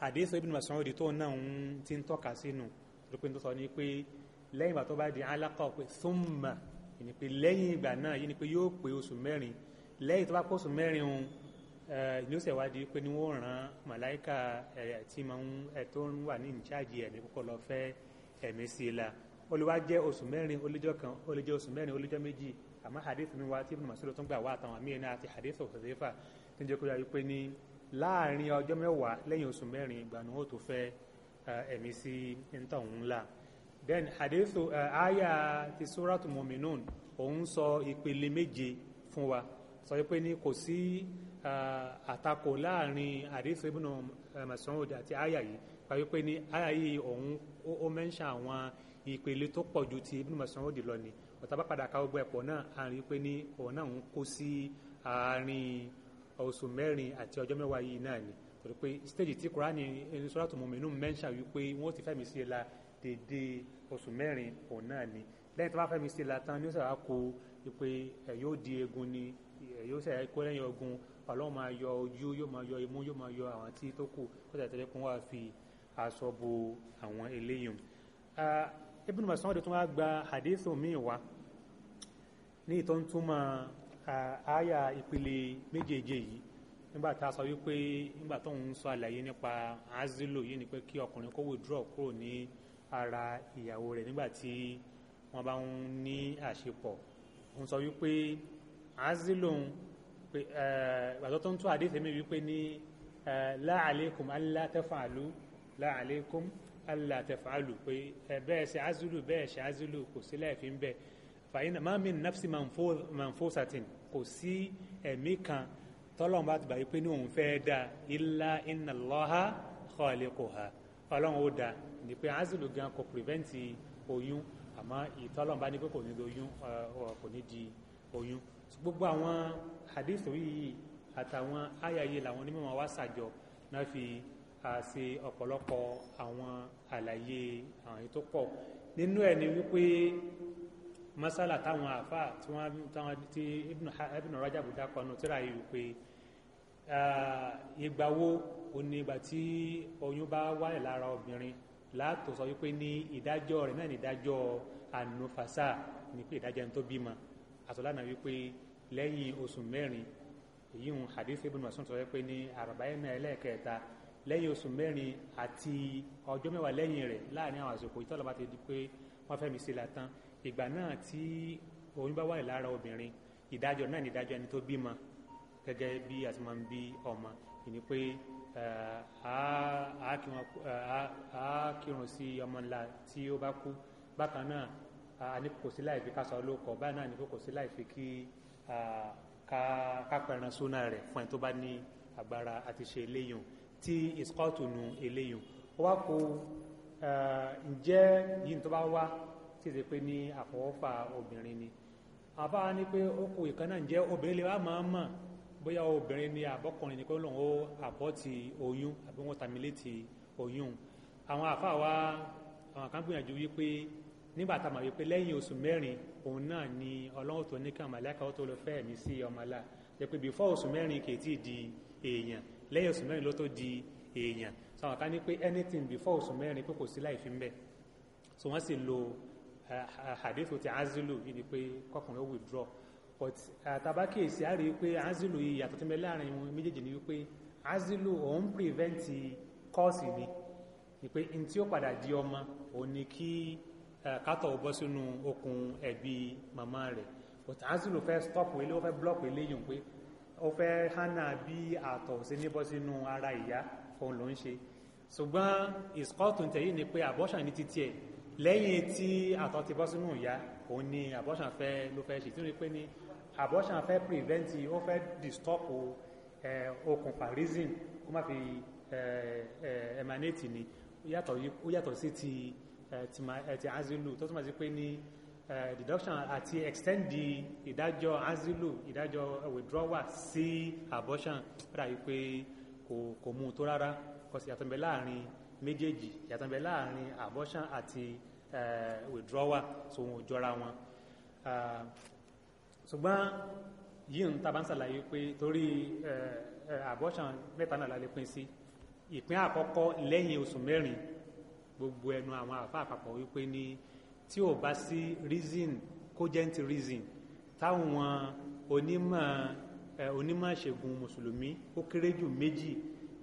hadith ibn Mas'ud tó náà ń ti ń tọ́ka sínú rúpin tó sọ ní pé lẹ́yìn ìgbà tó bá di alákọ̀ pé thumma ni pé lẹ́yìn ìgbà náà yìí ni pé yóò pé oṣù mẹ́rin lẹ́yìn tó bá pọ̀ oṣù mẹ́rin òun eh, ni ó ṣèwádìí pé ni wọ́n rán màláìka eh, tí máa ń eh, tó ń wà ní ìjáàjì ẹ̀mí kọ́kọ́ lọ fẹ́ ẹ̀mí sí i la ó lè wá jẹ́ oṣù mẹ́rin ó lè jẹ́ kan ó lè jẹ́ oṣù mẹ́rin ó hadith mi wá tí Ibn Mas'ud tó ń gbà wá àtàwọn míì náà àti hadith Hudhayfa tó ń jẹ́ kó yára wípé ní láàrin ọjọ́ mẹ́wàá lẹ́yìn oṣù mẹ́rin ìgbà ni wọ́n tó fẹ́ ẹ̀mí sí níta ńlá then hadithu aya ti suratu muminun òun sọ ìpele méje fún wa sọ pé ní kò sí àtakò láàrin hadithu ibnu Mas'ud àti aya yìí pàbí pé ní aya yìí òun ó mẹ́ńṣà àwọn ìpele tó pọ̀ ju ti ibnu Mas'ud lọ ni ọ̀tá bá padà ká gbogbo ẹ̀pọ̀ náà àrí pé ní òun náà ń kó sí àárín oṣù mẹ́rin àti ọjọ́ mẹ́wàá yìí náà ni torí pé stage tí kúránì ẹni sọ́dọ̀ tó mọ̀mẹ́nu mẹ́ńṣà wípé wọ́n ti fẹ́mi sí la dédé oṣù mẹ́rin òun náà ni lẹ́yìn tó bá fẹ́mi sí la tán ni ó sì wá kó pé ẹ̀ yóò di egun ni ẹ̀ yóò sì kó lẹ́yìn ogun ọlọ́run máa yọ ojú yóò máa yọ imú yóò máa yọ àwọn tí tó kù kó tẹ̀tẹ̀lẹ́ kún wá fi aṣọ bo àwọn eléyìí Ibn Mas'ud tó wá gba hadith mi wá ní ìtọ́ntúmọ̀ àyà ìpele méjèèje yìí nígbà tá a sọ wípé nígbà tó ń sọ àlàyé nípa azilo yìí ni pé kí ọkùnrin kó withdraw kúrò ní ara ìyàwó rẹ̀ nígbà tí wọ́n bá ń ní àṣepọ̀ ń sọ wípé azilo ń pé ìgbàdọ́ tó ń tún àdéhùn mi wípé ní la alaykum alla taf'alu la alaykum alla bẹ́ẹ̀ ṣe azulu bẹ́ẹ̀ ṣe azulu kò sí láì fi ń bẹ̀ fàyínà má min nafsi manfusatin kò sí ẹ̀mí kan tọ́lọ́run bá ti gbà wípé ní òun fẹ́ dá illa inna Allaha khaliquha ọlọ́run ó dá ní pé azulu gan kò prevent oyún àmọ́ ìtọ́lọ́run bá ní pé kò ní oyún kò ní di oyún gbogbo àwọn hadith yìí àtàwọn ayayi làwọn onímọ̀ wá sàjọ náà fi ṣe ọ̀pọ̀lọpọ̀ àwọn àlàyé àwọn èyí pọ̀ nínú ẹ̀ ni wípé masala táwọn àfa tí wọ́n táwọn tí Ibn Rajab dákọ̀ nù tíra yìí pé ìgbà wo òní ìgbà tí oyún bá wáyé lára obìnrin láàtò sọ wípé ní ìdájọ́ rẹ̀ náà ní ìdájọ́ ànúfàṣà ní pé ìdájọ́ ẹni tó bímọ àtọ́lánà wípé lẹ́yìn oṣù mẹ́rin èyí ń hadith Ibn Mas'ud sọ wípé ní àràbáyé náà ẹlẹ́ẹ̀kẹta lẹ́yìn oṣù mẹ́rin àti ọjọ́ mẹ́wàá lẹ́yìn rẹ̀ láàrin àwọn àsìkò ìtọ́lọ́ba ti di pé wọ́n fẹ́ mi sí la tán ìgbà náà tí oyún bá wà lára obìnrin ìdájọ́ náà ní ìdájọ́ ẹni tó bímọ gẹ́gẹ́ bí a ti máa ń bí ọmọ ìní pé a kírun sí ọmọ ńlá tí ó bá kú bákan náà a ní kò sí láì fi kásá olóko báyìí náà ní kò sí láì fi kí kápẹ̀ràn sóná rẹ̀ fún ẹni tó bá ní agbára àti ṣe eléyìn tí ìskọ́ọ̀tù nu eléyìn ó wá kó ǹjẹ́ yìí tó bá wá tí èsì pé ní àfọwọ́fà obìnrin ni àbá ni pé ó kù ìkan náà jẹ́ obìnrin lè wá máa mọ̀ bóyá obìnrin ni àbọ́kùnrin ni pé lòun ó àbọ́tì oyún àbí wọ́n tàmílétì oyún àwọn àfa wa àwọn kan gbìyànjú wípé nígbà tá a mọ̀ wípé lẹ́yìn oṣù mẹ́rin òun náà ni ọlọ́run tó ní kí àmàlẹ́kà ó tó lọ fẹ́ mi sí ọmọlá jẹ́ pé bífọ́ oṣù mẹ́rin kì í tí ì di èèyàn lẹ́yìn oṣù mẹ́rin ló tó di èèyàn sọ àwọn kan ní pé anything before oṣù mẹ́rin pé kò sí láì fi ń bẹ̀ so wọ́n sì lo àdéhùn ti azilu ibi pé kọkùnrin withdraw but àtàbákèsí á rí i pé azilu yìí yàtọ̀ tí mo láàrin wọn méjèèjì ni wípé azilu òun prevent kọ́ọ̀sì ni ìpè n tí ó padà di ọmọ òun ni kí kátọ̀ ó bọ́ sínú okùn ẹ̀bí màmá rẹ̀ but azilu fẹ́ stop ilé o fe block ilé yìí pé ó fẹ́ hánà bí àtọ̀ sí ní bọ́ sínú ara ìyá òun ló ń ṣe ṣùgbọ́n ìskọ́tù tẹ̀yìn ni pé abortion ní títí ẹ̀ lẹ́yìn tí àtọ̀ ti bọ́ sínú ìyá òun ni abortion fẹ́ ló fẹ́ ṣe tí wọ́n pè ní abortion fẹ́ prevent ó fẹ́ disturb okùnfà reason kó má fi emanate ni ó yàtọ̀ sí ti ti azilu tó túmọ̀ sí pé ní deduction àti extend di ìdájọ́ azilu ìdájọ́ withdrawal sí abortion rà yí pé kò mú un tó rárá kò sí àtọ̀mẹ́ láàrin méjèèjì yàtọ̀ bẹ láàrin abortion àti eh, withdrawal so wọn ò jọra wọn ah, ṣùgbọ́n yìí ń taba ń ṣàlàyé pé torí eh, eh, abortion mẹ́ta náà la lè pín sí ìpín àkọ́kọ́ lẹ́yìn oṣù mẹ́rin gbogbo ẹnu àwọn àfa àpapọ̀ wípé ní tí ò bá sí reason cogent reason táwọn onímọ̀ onímọ̀ ṣègùn mùsùlùmí ó kéré jù méjì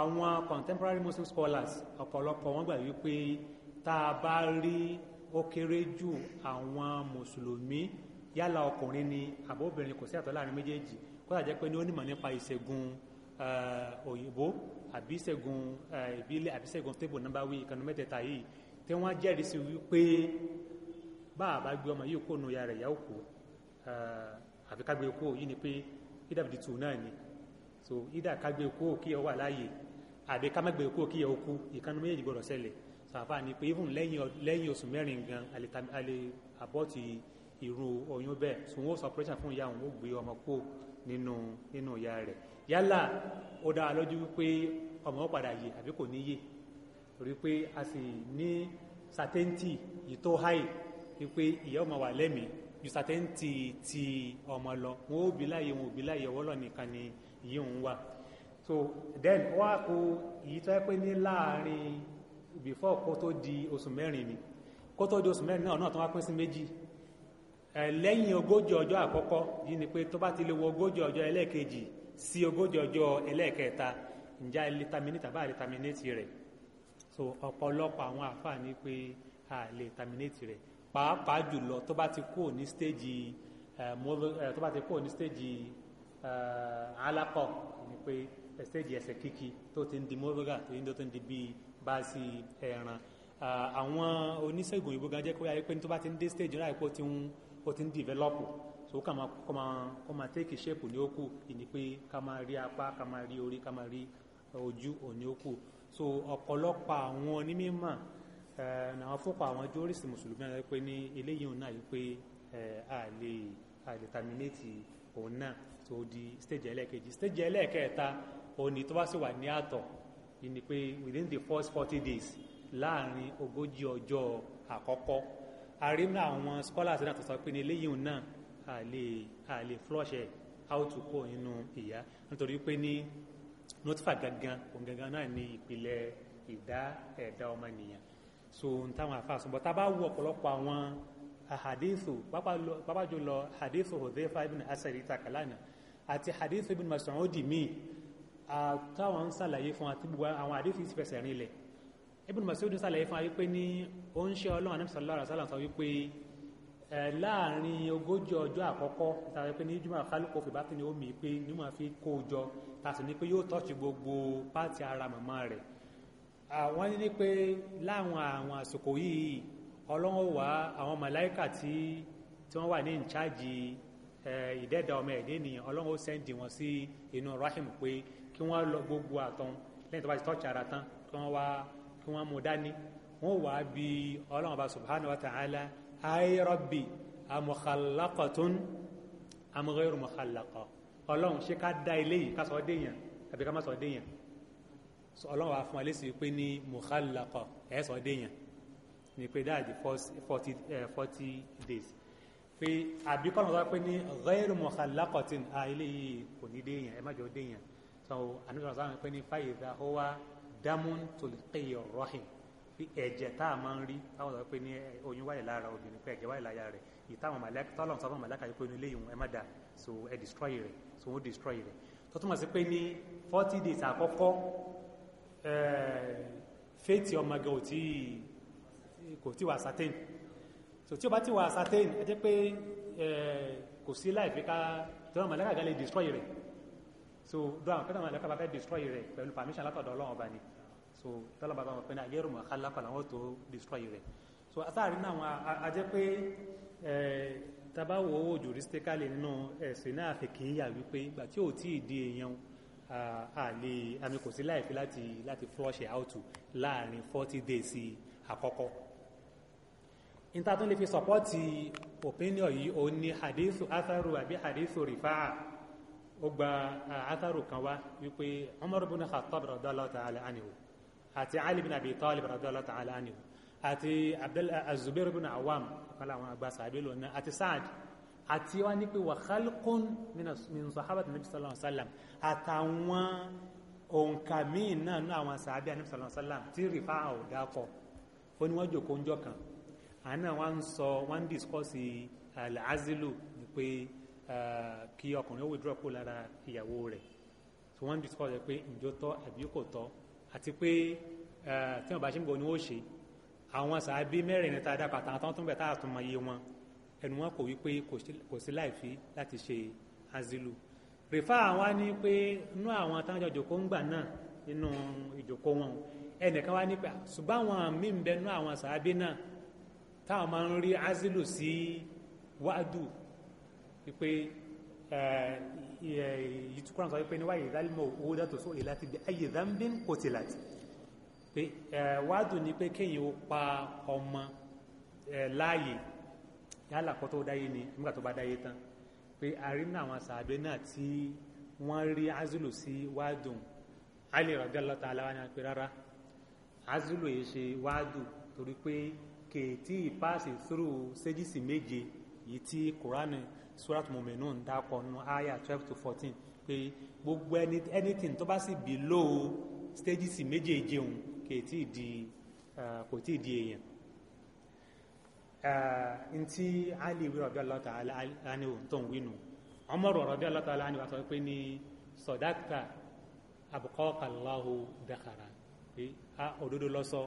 àwọn contemporary muslim scholars ọ̀pọ̀lọpọ̀ wọ́n gbà wípé tá a bá rí ó kéré jù àwọn mùsùlùmí yálà ọkùnrin ni àbóbìnrin kò sí àtọ́ láàrin méjèèjì kó dà jẹ́ pé ní onímọ̀ nípa ìṣègùn eh, òyìnbó àbí ìṣègùn eh, ìbílẹ̀ àbí ìṣègùn table number wí ìkànnì mẹ́tẹ̀ẹ̀ta yìí tí wọ́n jẹ́rìí sí wípé bá a bá gbé ọmọ yìí kó nu ya rẹ̀ yà ó kú eh, àfi kó e yìí ni pé pwd two náà ni so either ká gbé kú kí ọ wà láàyè àbí ká má gbé kú kí ọ kú ìkànnì méjèèjì gbọdọ̀ ṣẹlẹ̀ sàǹfà ni pé even lẹ́yìn oṣù mẹ́rin gan alẹ́ àbọ̀tì irú oyún bẹ́ẹ̀ so wọ́n sọ operation fún ìyá òun ó gbé ọmọ kú nínú nínú ìyá rẹ̀ yálà ó dára lójú wípé ọmọ ó padà yè àbí kò ní yè torí pé a sì ní certainty yìí tó high wípé ìyá ọmọ wà lẹ́mìí ju certainty ti ọmọ lọ wọn ó bí láyé wọn ò bí láyé ọwọ́ lọ nìkan ni. Kani, yìí ń wà so then wá kó èyí tó yẹ pé ní láàrin before kó tó di oṣù mẹ́rin ni kó tó di oṣù mẹ́rin náà náà tó wá pín sí méjì lẹ́yìn ogójì ọjọ́ àkọ́kọ́ yìí ni pé tó bá ti lè wọ ogójì ọjọ́ ẹlẹ́ẹ̀kejì sí ogójì ọjọ́ ẹlẹ́ẹ̀kẹta ǹjẹ́ ilé taminate àbá ilé taminate rẹ̀ so ọ̀pọ̀lọpọ̀ àwọn àǹfààní pé a lè taminate rẹ̀ pàápàá jùlọ tó bá ti kúrò ní stéèjì tó bá ti kúrò ní stéèjì Eh, alakọ ni pé ẹsẹ̀jì ẹsẹ̀ kíkí tó ti ń di mọ́rọ́gà tó ti ń di bíi báàsì ẹran eh, àwọn oníṣègùn ìbò gan jẹ́ pé pé tó bá ti ń dé stage náà pé ó ti ń develop so kó máa kó máa kó máa take shape ní òkú ìní pé ká máa rí apá ká máa rí orí ká máa rí ojú òní òkú so ọ̀pọ̀lọpọ̀ àwọn onímọ̀ eh, àwọn fúnpa àwọn jórìsì mùsùlùmí náà pé ní eléyìí òun náà yìí pé a so di stage ẹlẹ́ẹ̀kejì stage ẹlẹ́ẹ̀kẹta òní tó bá sì wà ní àtọ̀ ìní pé within the first forty days láàrin ogójì ọjọ́ àkọ́kọ́ àrímọ́ àwọn scholars náà tó sọ pé ní eléyìí náà a lè a lè flush ẹ̀ out kó nínú ìyá nítorí pé ní notifa gangan òun gangan náà ní ìpìlẹ̀ ìdá ẹ̀dá ọmọnìyàn so n táwọn afáàsùn bọ́ tá a bá wo ọ̀pọ̀lọpọ̀ àwọn ahadithu pápájọ lọ hadithu Hudhayfa ibn Asad ìtàkàlánà àti hadith ibn Mas'udi mi àtàwọn ń sàlàyé fún àti gbogbo àwọn hadith yìí fẹsẹ̀ rìn lẹ̀ ibn Mas'udi ń sàlàyé fún wa wípé ní ó ń ṣe ọlọ́run anamisa lọ́ra sálà sọ wípé láàrin ogójì ọjọ́ àkọ́kọ́ ìtàwọn pé ní jùmọ̀ kálukọ̀ fìbá tí ni ó mi pé ní wọ́n fi kó o jọ tàṣí ni pé yóò tọ́jú gbogbo pààtì ara màmá rẹ̀ àwọn ní pé láwọn àwọn àsìkò yìí ọlọ́run wà àwọn màláìkà tí wọ́n wà ní ìcháàjì ìdẹ́ẹ̀dá ọmọ ẹ̀dẹ́ ènìyàn ọlọ́run ó sẹ́ǹdì wọn sí inú rahim pé kí wọ́n lọ gbogbo àtọ̀hún lẹ́yìn tó bá ti tọ́ọ̀tì ara tán kí wọ́n wá kí wọ́n mú dání wọ́n wà á bi ọlọ́run ọba subhanahu wa ta'ala ay rabbi amukhalaqatun am ghayru mukhalaqa ọlọ́run ṣé ká dá eléyìí ká sọ ọ́ déèyàn àbí ká má sọ ọ́ déèyàn ọlọ́run wà fún wa lẹ́sìn pé ní mukhalaqa ẹ̀ sọ ọ́ déèyàn ní pé dáàdì eh, forty days pé àbí kọ́nà wá pé ní ghayru mukhallaqatin à eléyìí kò ní déyàn ẹ má jọ déyàn so àníbàrà sáà pé ní fàyèdà ó wá damun tulqi rahim pé ẹ̀jẹ̀ tá a máa ń rí táwọn sọ pé ní oyún wáyé lára obìnrin pé ẹ̀jẹ̀ wáyé lára rẹ̀ ìtàwọn màlẹ́kà tọ́lọ́n sọ́fọ́n màlẹ́kà yìí pé ní eléyìí ẹ má dà so ẹ destroy rẹ̀ so wọ́n destroy rẹ̀ tó túmọ̀ sí pé ní forty days àkọ́kọ́ eh, faith ọmọge kò tí wà certain so tí o bá ti wà certain ẹ jẹ́ pé kò sí láìpẹ́ ká tó náà mọ̀lẹ́kà gálẹ̀ destroy rẹ̀ so do àwọn pẹ́lú mọ̀lẹ́kà bá fẹ́ destroy rẹ̀ pẹ̀lú permission látọ̀dọ̀ ọlọ́run ọba ni so tọ́lọ́ bàbá wọn pẹ́lú ayé rùmọ̀ kálápà làwọn tó destroy rẹ̀ so asáàrí náà wọn a jẹ́ pé taba wo owó juristically nínú ẹ̀sìn náà fi kì í yà wípé ìgbà tí ò tí ì di èèyàn àlè àmì kò sí láìpẹ́ láti láti flush out láàrin forty days àkọ́kọ́ níta tó lè fi sọ̀pọ́tì opinion yìí ó ní hadithu atharu àbí hadithu rifa'a ó gba atharu kan wá wípé Umar ibn Khattab radiyallahu ta'ala anhu àti Ali ibn Abi Talib radiyallahu ta'ala anhu àti Az-Zubair ibn Awam kọ́lá àwọn àgbà sàbí lónà àti Sa'd àti wá ní pé wà khalqun min sahabati nabi sallallahu alaihi wasallam àtàwọn òǹkà míì náà ní àwọn sàbí nabi sallallahu alaihi wasallam tí rifa'a ò dákọ̀ ó ní wọ́n jòkó ń jọ kan àná wọn ń sọ wọn ń discourse eh, al-azilu ni pé eh, kí ọkùnrin ó withdraw kó lára ìyàwó rẹ̀ tí wọ́n ń discuss pé ǹjọ́ tọ́ àbí kò tọ́ àti pé eh, tí wọ́n bá ṣe ń bọ̀ ni ó ṣe àwọn sàábí mẹ́rin ní tàdá pàtàkì àtàwọn tó ń bẹ̀ tá àtún mọ iye wọn ẹnu wọn kò wí pé kò sí láìfí láti ṣe azilu rìfá àwọn á ní pé inú àwọn táwọn jọ jòkó ń gbà náà nínú ìjòkó wọn ẹnìkan wá ní pé ṣùgbọ́n àwọn míì ń bẹ inú àwọn sàábí náà táwọn máa ń rí azilu sí wáàdù wípé ìtukúrán sọ wípé ní wáyé ìdálímọ̀ owó dátò só èlà ti bí ayé zambin kò láti pé wáàdù ni pé kéèyàn ó pa ọmọ láàyè yálà kó tó dáyé ni nígbà tó bá dáyé tán pé àrínà àwọn sàábé náà tí wọ́n rí azilu sí wáàdù alì rọ̀gẹ́lọ́ta aláwa ni wọ́n pe rárá azilu yìí ṣe wáàdù torí pé kè tí ìpáàsì through sẹ́jísì méje yìí tí kùránì surat muminun dákọ̀ nínú aya twelve to fourteen pé gbogbo anything tó bá sì below sẹ́jísì méjèèje òun kè tí ì di kò tí ì di èèyàn ntí ali wí rọ̀bí ọlọ́ta aláníwò tó ń wí nù ọmọ rọ̀ rọ̀bí ọlọ́ta aláníwò sọ pé ní sọ̀dáàkà àbùkọ́ kàlọ́hù dàkàrà òdodo lọ́sọ̀ọ́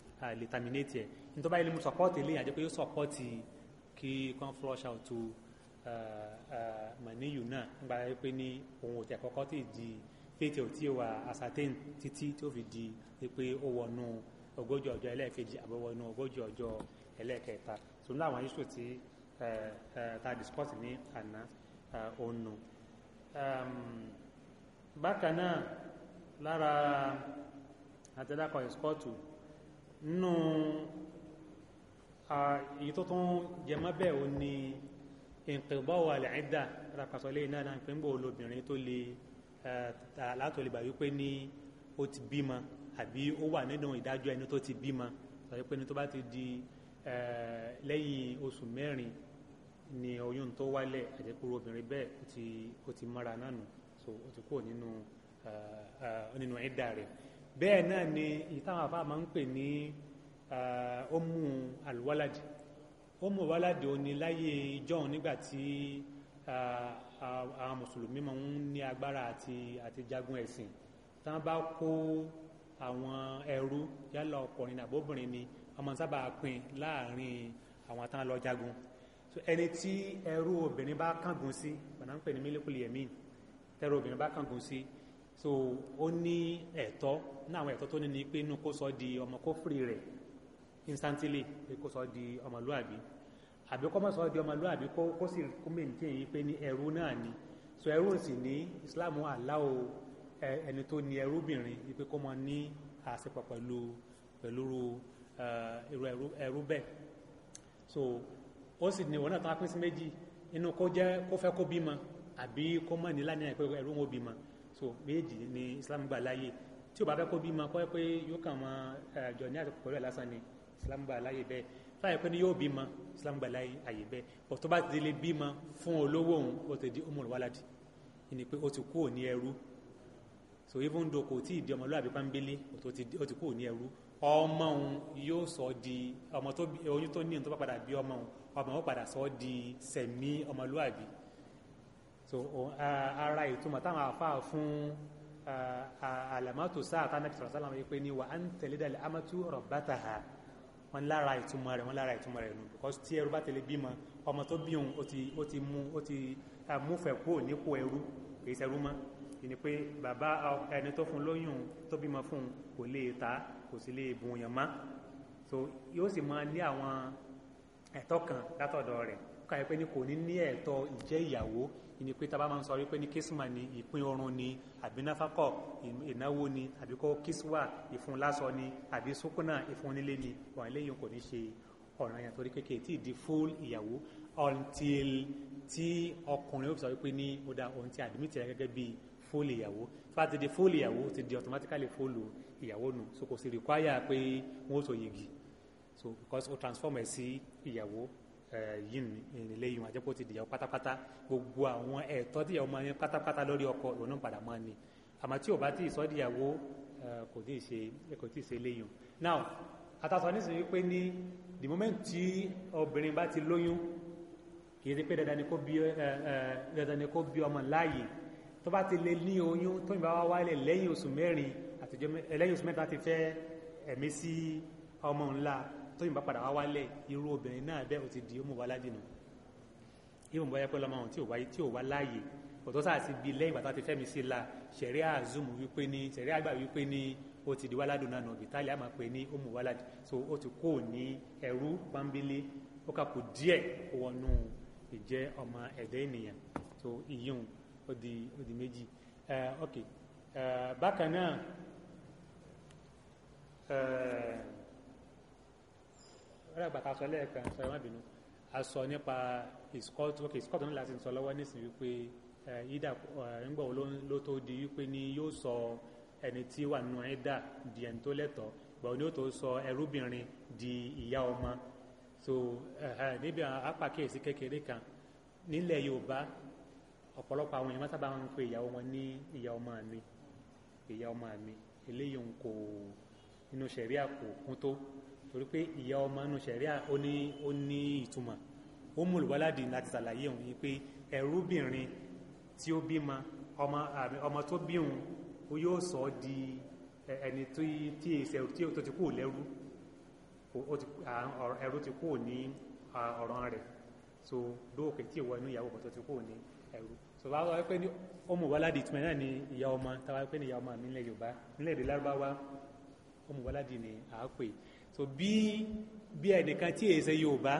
a lè terminate ẹ̀ nítorí báyìí lè mú support ilé àjẹ́ pé yóò support kí kan flush out to uh, uh, mọ̀níyù náà nígbà pé ní ohun òtí àkọ́kọ́ tí di fètè òtí wà ascertain títí tó fi di pé ó wọnú ogójì ọjọ́ ẹlẹ́ẹ̀kejì àbọ̀wọnú ogójì ọjọ́ ẹlẹ́ẹ̀kẹta so ní àwọn issue tí uh, ta discuss ní àná ònù um, bákan náà lára àtẹ́lákọ̀ ìskọ́tù nínú a tó tún jẹmọ́ bẹ́ẹ̀ ò ní ìpínbọ̀ wà lẹ́ẹ̀dà rapasọ̀lẹ́ iná náà ìpínbọ̀ olóbìnrin tó lè látọ̀ lè bà wípé ní ó ti bímọ àbí ó wà nínú ìdájọ́ ẹni tó ti bímọ sọ̀rọ̀ pé ní tó bá ti di lẹ́yìn oṣù mẹ́rin ni oyún tó wálẹ̀ àjẹkúrò obìnrin bẹ́ẹ̀ ó ti mọ́ra náà nù so ó ti kúrò nínú ẹ̀dà rẹ̀ bẹ́ẹ̀ náà ni ìtàwọn afá máa ń pè ní ọmú alwaladi ọmú alwaladi ò ní láyé ìjọ́un nígbà tí àwọn mùsùlùmí máa ń ní agbára àti àti jagun ẹ̀sìn tán bá kó àwọn ẹrú yálà ọkùnrin àbóbìnrin ni ọmọ sábà pín láàrin àwọn tán lọ jagun ẹni tí ẹrú obìnrin bá kángun sí ọ̀nà ń pè ní mílíkùlì yẹ̀mí tẹ́rù obìnrin bá kángun sí so ó ní ẹ̀tọ́ ní àwọn ẹ̀tọ́ tó ní ni pé inú kó sọ di ọmọ kó fìrì rẹ̀ instantly pé kó sọ di ọmọlúàbí àbí kó má sọ di ọmọlúàbí kó sì kó maintain yìí pé ní ẹrú náà ni so ẹrú sì ní Islam allow ẹni tó ní ẹrúbìnrin wípé kó mọ ní àṣepọ̀ pẹ̀lú pẹ̀lú ẹrú bẹ́ẹ̀ so ó sì ní ìwọ̀n náà tó wá pín sí méjì inú kó jẹ́ kó fẹ́ kó bímọ àbí kó mọ̀ ní pé ẹrú wọn bímọ so méjì ni islam gbà láyè tí o bá fẹ́ kó bímọ kọ́ pé yóò kàn mọ àjọ ní àtọkọ pẹ̀lú àlásán ni islam gbà láyè bẹ́ẹ̀ fáyẹ pé ni yóò bímọ islam gbà láyè àyè bẹ́ẹ̀ ọ̀tọ́ bá ti lè bímọ fún olówó òun ó ti di umul waladi ni pé ó ti kú òní ẹrú so even though kò tí ì di ọmọlúwàbí pánbélé ó ti kú òní ẹrú ọmọ òun yóò sọ di ọmọ tó oyún tó ní òun tó bá padà bí ọmọ òun ọmọ òun padà sọ di sẹ̀mí ọmọlúwàbí so ara ìtumọ̀ táwọn afáà fún alamatu sáà tá nàbì sọ̀rọ̀ sálàmù yìí pé ní wà á ń tẹ̀lé dalẹ̀ amatu rọ̀bátà ha wọn lára ìtumọ̀ rẹ̀ wọn lára ìtumọ̀ rẹ̀ nù because tí ẹrú bá tẹ̀lé bímọ ọmọ tó bí òun ó ti mú ó ti múfẹ̀ kúrò nípò ẹrú kìí ṣẹrú mọ́ ìní pé bàbá ẹni tó fún lóyún tó bímọ fún kò lè ta kò sì lè bùn yàn mọ́ so yóò sì máa ní àwọn ẹ̀tọ́ kan látọ̀dọ̀ rẹ̀ ká ẹ pé ní kò ní ní ẹ̀tọ́ ìjẹ́ ìyàwó ìní pé tábà máa ń sọ wípé ní kísímà ni ìpín oorun ni àbí náfàkọ ìnáwó ni àbí kó kísíwà ìfun lásọ ni àbí sókúnà ìfun nílé ni wọn eléyìí kò ní ṣe ọ̀ràn yẹn torí kékeré tí ìdí fúl ìyàwó until tí ọkùnrin ó fi sọ wípé ní ó da ohun tí àdìmítì rẹ gẹ́gẹ́ bíi fúl ìyàwó fà ti di fúl ìyàwó ti di automatically fúl ìyàwó nù so kò sì require pé wọn ó so yegi so because ó transform ẹ sí ìyàwó Eh, yìí ní ilé yìí wọn àjẹpọ̀ ti dìyàwó pátápátá gbogbo àwọn ẹ̀tọ́ tí ìyàwó máa ní pátápátá lórí ọkọ òun padà máa ní àmọ́ tí ò bá tí ì sọ́ dìyàwó eh, kò tí ì ṣe kò tí ì ṣe léyìn now àtàsọ nísìnyí wípé ní the moment tí obìnrin bá ti lóyún kì í ṣe pé dandan ni kó bí eh, ọmọ láàyè tó bá ti lè ní oyún tó ìbá wá wálẹ̀ lẹ́yìn oṣù mẹ́rin àtijọ́ lẹ́yìn oṣù mẹ́ta ti fẹ́ ẹ̀mí sí ọmọ ńlá tóyìn bá padà wá wálẹ̀ irú obìnrin náà bẹ́ẹ̀ ó ti di ọmọ wa ládìnnú yóò mú wáyé pé lọ́mọ tí tí ò wá láàyè ọ̀tọ́ sáà ti bi lẹ́yìn bàtà ti fẹ́mi sí la ṣẹ̀rí àzùmù wípé ní ṣẹ̀rí àgbà wípé ní ó ti di wáládùn náà nà bìtálì àmà pé ní ó mú wáládì so ó ti kó ní ẹrú pọ́nbélé ó kà kó díẹ̀ kó wọnú ìjẹ́ ọmọ ẹ̀dá ènìyàn so ìyún ó méjì eh, eh, bákan náà. Eh, rẹ̀ gbàtà sọ lẹ́ẹ̀kan sọ ẹ̀wọ̀n bínú a sọ nípa ìsikọ́tù ok láti sọ lọ́wọ́ nísìnyí wípé ìdá ńgbọ̀n ló tó di wípé ni yóò sọ ẹni tí wà nù ẹ̀dá di ẹni tó lẹ́tọ̀ọ́ gbọ̀n ni ó tó sọ ẹrúbìnrin di ìyá ọmọ so níbi apàkíyèsí kékeré kan nílẹ̀ Yorùbá ọ̀pọ̀lọpọ̀ àwọn èèyàn sábà ń pe ìyàwó wọn ní ìyá ọmọ mi ìyá ọmọ mi eléyìí ń kò inú ṣẹ̀ríà kò kún tó torí pé ìyá ọmọ inú sẹ̀ríà ó ní ó ní ìtumọ̀ ó mú olùwádìí láti ṣàlàyé òun yìí pé ẹrúbìnrin tí ó bímọ ọmọ àmì ọmọ tó bí òun ó yóò sọ ọ́ di ẹni tí tí èsẹ tí ó ti kú lẹ́rú ẹrú ti kú ní ọ̀ràn rẹ̀ so lóòkè tí ìwọ inú ìyàwó kan tó ti kú ní ẹrú so bá wá pé ní ọmọ ìwáládìí ìtumọ̀ náà ni ìyá ọmọ táwa pé ní ìyá ọmọ mi nílẹ̀ Yorùbá nílẹ̀ èdè Lárúbáwá ọmọ ìwáládìí ni à so bí bí ẹnìkan tí èsè yorùbá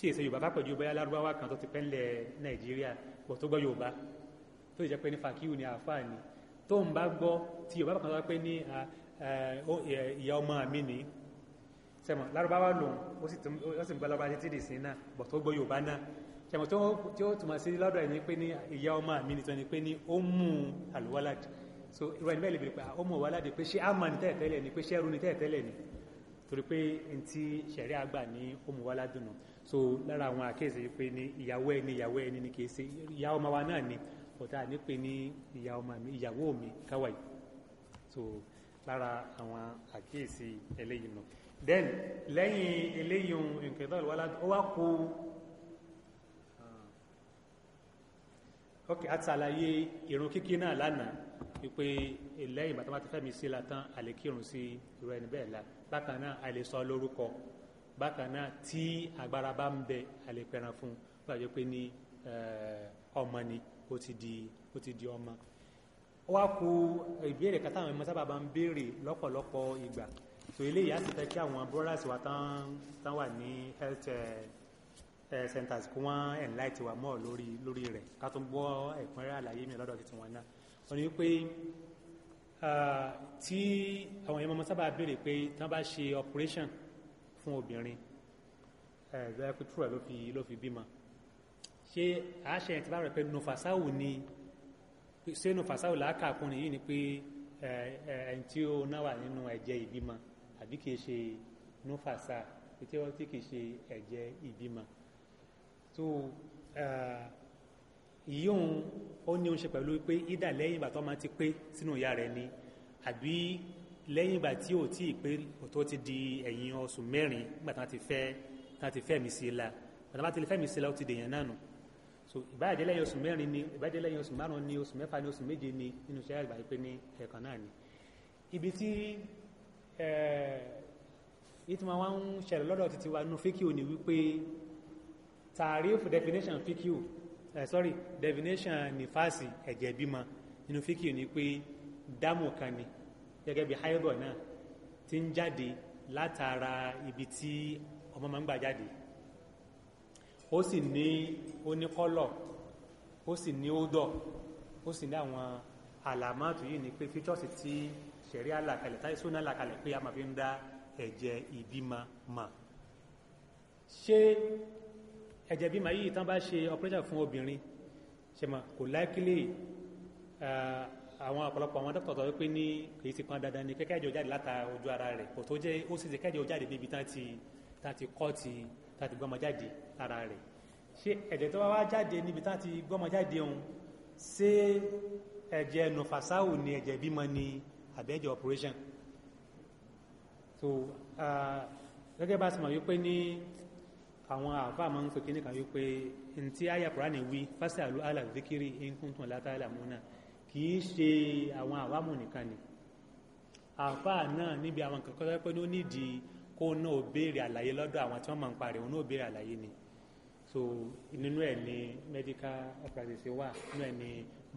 tí èsè yorùbá bá pẹ̀lú yorùbá alárúbáwá kan tó ti pẹ́ńlẹ̀ nàìjíríà pọ̀ tó gbọ́ yorùbá tó jẹ́ pé ní fàkíù ni àáfàá ni tó ń bá gbọ́ tí yorùbá kan tó pé ní ìyá ọmọ mi ni sẹ́mọ̀ lárúbáwá lòun ó sì ń bá lọ́ba títí dì sí náà pọ̀ tó gbọ́ yorùbá náà sẹ́mọ̀ tó tí ó túmọ̀ sí lọ́dọ̀ ẹni pé ní ìyá ọmọ mi ni tó ní pé ní ó mú àlùwáládì so ìrọ̀ ẹni bẹ́ẹ̀ lè bèrè pé ó mú àlùwáládì pé ṣé àmọ́ ni tẹ́ẹ̀tẹ́lẹ̀ ni pé ṣé ẹrú ni tẹ́ẹ̀tẹ́lẹ̀ ni torí pé n ti ṣẹ̀rí àgbà ní òmùwáládùnú so lára àwọn àkéèsí pé ní ìyàwó ẹni ìyàwó ẹni ni kìí ṣe ìyá ọmọ wa náà ni ọ̀tá ní pé ní ìyá ọmọ mi ìyàwó mi káwà yìí so lára àwọn àkéèsí eléyìí nù then lẹ́yìn eléyìí nǹkan tó wà wá kó ok àti àlàyé ìrun kíkí náà lánàá wípé lẹ́yìn bàtà bá sí la àlékírun sí irú ẹni bẹ́ẹ̀ lánàá bákan náà a lè sọ lórúkọ bákan náà tí agbára bá ń bẹ a lè pẹran fún un gbàgbé pé ní eh, ọmọ ni ó ti di ó ti di ọmọ ó wá ku ìbéèrè kan táwọn ọmọ sábà bá ń béèrè lọ́pọ̀lọpọ̀ ìgbà tó eléyìí á sì fẹ́ kí àwọn brothers wa tán wà ní health eh, eh, centers kí wọ́n enlight wa mọ́ lórí lórí rẹ̀ ká tún gbọ́ ẹ̀kúnrẹ́rẹ́ àlàyé mi lọ́dọ̀ tuntun wọn náà wọ́n ní pé Ah, tí àwọn èèyàn máa sábà béèrè pé tí wọ́n bá ṣe operation fún obìnrin ẹ̀ẹ́dẹ́gbẹ́ eh, pé true ló fi ló fi bímọ ṣé àṣẹ yẹn ti bá rẹ̀ pé nufasawu ni ṣé nufasawu làákàkùnrin yìí ni pé eh, eh, ẹ̀ẹ́n tí ó náà nínú ẹ̀jẹ̀ ìbímọ àbí kìí ṣe nufasa tí kìí ṣe ẹ̀jẹ̀ ìbímọ. so ah, ìyóhun ó ní oúnṣe pẹ̀lú pé ídà lẹ́yìn ìgbà tó ti pé sínú ìyá rẹ̀ ni àbí lẹ́yìn ìgbà tí ò tí ì pé òtó ti di ẹ̀yìn oṣù mẹ́rin nígbà tí ti fẹ́ tí ti fẹ́mi sí la bàtà bá ti lè fẹ́mi sí la ó ti dèèyàn náà nù so ìbáyàjẹ́ lẹ́yìn oṣù mẹ́rin ni ìbáyàjẹ́ lẹ́yìn oṣù márùn ni oṣù mẹ́fà ni oṣù méje ni nínú iṣẹ́ àgbà pé ní ẹ̀ẹ̀kan náà ni ibi tí yìí tí wọ́n wá ń ṣẹlẹ̀ lọ́dọ̀ títí wa nínú fíkìú ni wípé tààrífù definition fíkìú Eh, sorry definition nífàsì ẹ̀jẹ̀ bímọ nínú fíkì ni pé dámù kan ni gẹ́gẹ́ bí haibọ̀ náà ti ń jáde látara ibi tí ọmọ máa ń gbà jáde ó sì ní oníkọ́lọ̀ ó sì ní ódọ̀ ó sì ní àwọn àlàmọ́tò yìí ni pé fíjọ́sì tí ṣẹ̀rí àlàkalẹ̀ táyé sóná àlàkalẹ̀ pé a máa fi ń dá ẹ̀jẹ̀ ìbímọ mọ̀ ṣé ẹ̀jẹ̀ bímọ yìí tán bá ṣe operation fún obìnrin ṣe mọ̀ kò láìkílè àwọn ọ̀pọ̀lọpọ̀ àwọn dókítà sọ pé ní kì í ti pọn dandan ni kẹ́kẹ́ ẹ̀jẹ̀ jáde láta ojú ara rẹ̀ kò tó jẹ́ ó sì ti kẹ́jẹ̀ jáde níbi tán ti tán ti kọ́ ti tán ti gbọ́mọ jáde lára rẹ̀ ṣé ẹ̀jẹ̀ tó bá wá jáde níbi tán ti gbọ́mọ jáde òun ṣé ẹ̀jẹ̀ nùfàsáwò ni ẹ̀jẹ̀ bímọ ni àbẹ́jẹ̀ operation so gẹ́gẹ́ bá a sì mọ̀ wípé ní àwọn àfáà máa ń sọ kíní kan wípé ntí àyà kúránì wí fásitì àlà zikiri nkúntún látàlà múnà kì í ṣe àwọn àwámù nìkan ni àfáà náà níbi àwọn kankan tó pé ní ó nídìí kó náà ó béèrè àlàyé lọ́dọ̀ àwọn tí wọ́n máa ń parí òun ó béèrè àlàyé ni so nínú ẹ̀ ní medical practice wà nínú ẹ̀ ní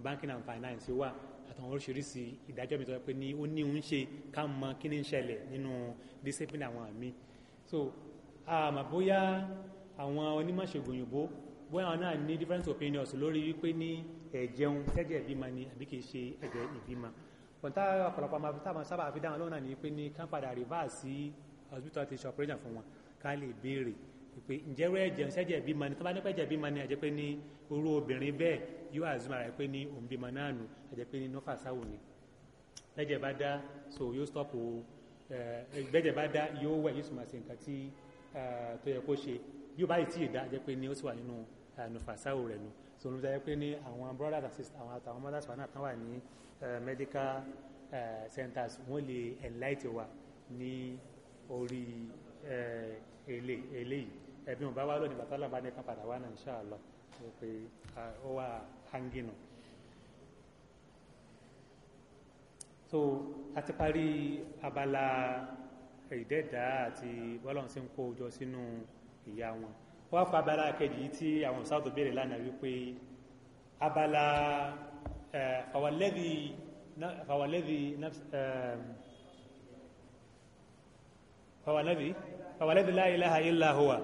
banking and finance wà àtàwọn oríṣiríṣi ìdájọ́ mi tó yẹ pé ní ó ní òun ṣe ká mọ kí ni ń so àmọ́ bóyá àwọn onímọ̀ṣègùn òyìnbó bóyá àwọn náà ní different opinions lórí wípé ní ẹ̀jẹun tẹ́jẹ̀ ìbímọ ni àbí kìí ṣe ẹ̀jẹ̀ ìbímọ pọ̀ntà ọ̀pọ̀lọpọ̀ máa sábà fi dáhùn lọ́nà ni pé ní kán padà reverse sí hospital ti ṣe operation fún wọn ká lè béèrè pé ǹjẹ́ rẹ ẹ̀jẹ̀ ṣẹ́jẹ̀ ìbímọ ni tó nípa ẹ̀jẹ̀ ìbímọ ni àjẹ́ pé ní orú obìnrin bẹ́ẹ̀ yóò àzúmọ̀ rẹ̀ pé ní òun bímọ náà nù àjẹ́ pé ní nọ́fà sáwò ni ẹ̀jẹ̀ so yóò stop o eh, ẹ̀jẹ̀ bá dá yóò wẹ̀ yóò sì máa ṣe nǹkan tí Eh, tó yẹ kó ṣe bí ó bá yìí tí ìdá jẹ́ pé ní ó sì wà nínú eh, nùfàṣáwò rẹ̀ nù so ló jẹ́ pé ní àwọn brothers and sisters àwọn àtàwọn mothers wa náà kan wà ní eh, medical centers wọ́n lè enlighten wa ní orí eléyìí ẹbí wọn bá wá lónìí bàtà lọ́nà bá ní kan padà wá náà insha Allah pé ó wà hanginu. so àti parí abala ìdẹ́ẹ̀dá àti bọ́lọ́run sí ń kó jọ sínú ìyá wọn wọ́n fa abala kejì tí àwọn sáàtò béèrè lánàá wípé abala fàwọlẹ́bí fàwọlẹ́bí fàwọlẹ́bí fàwọlẹ́bí la ilaha illa huwa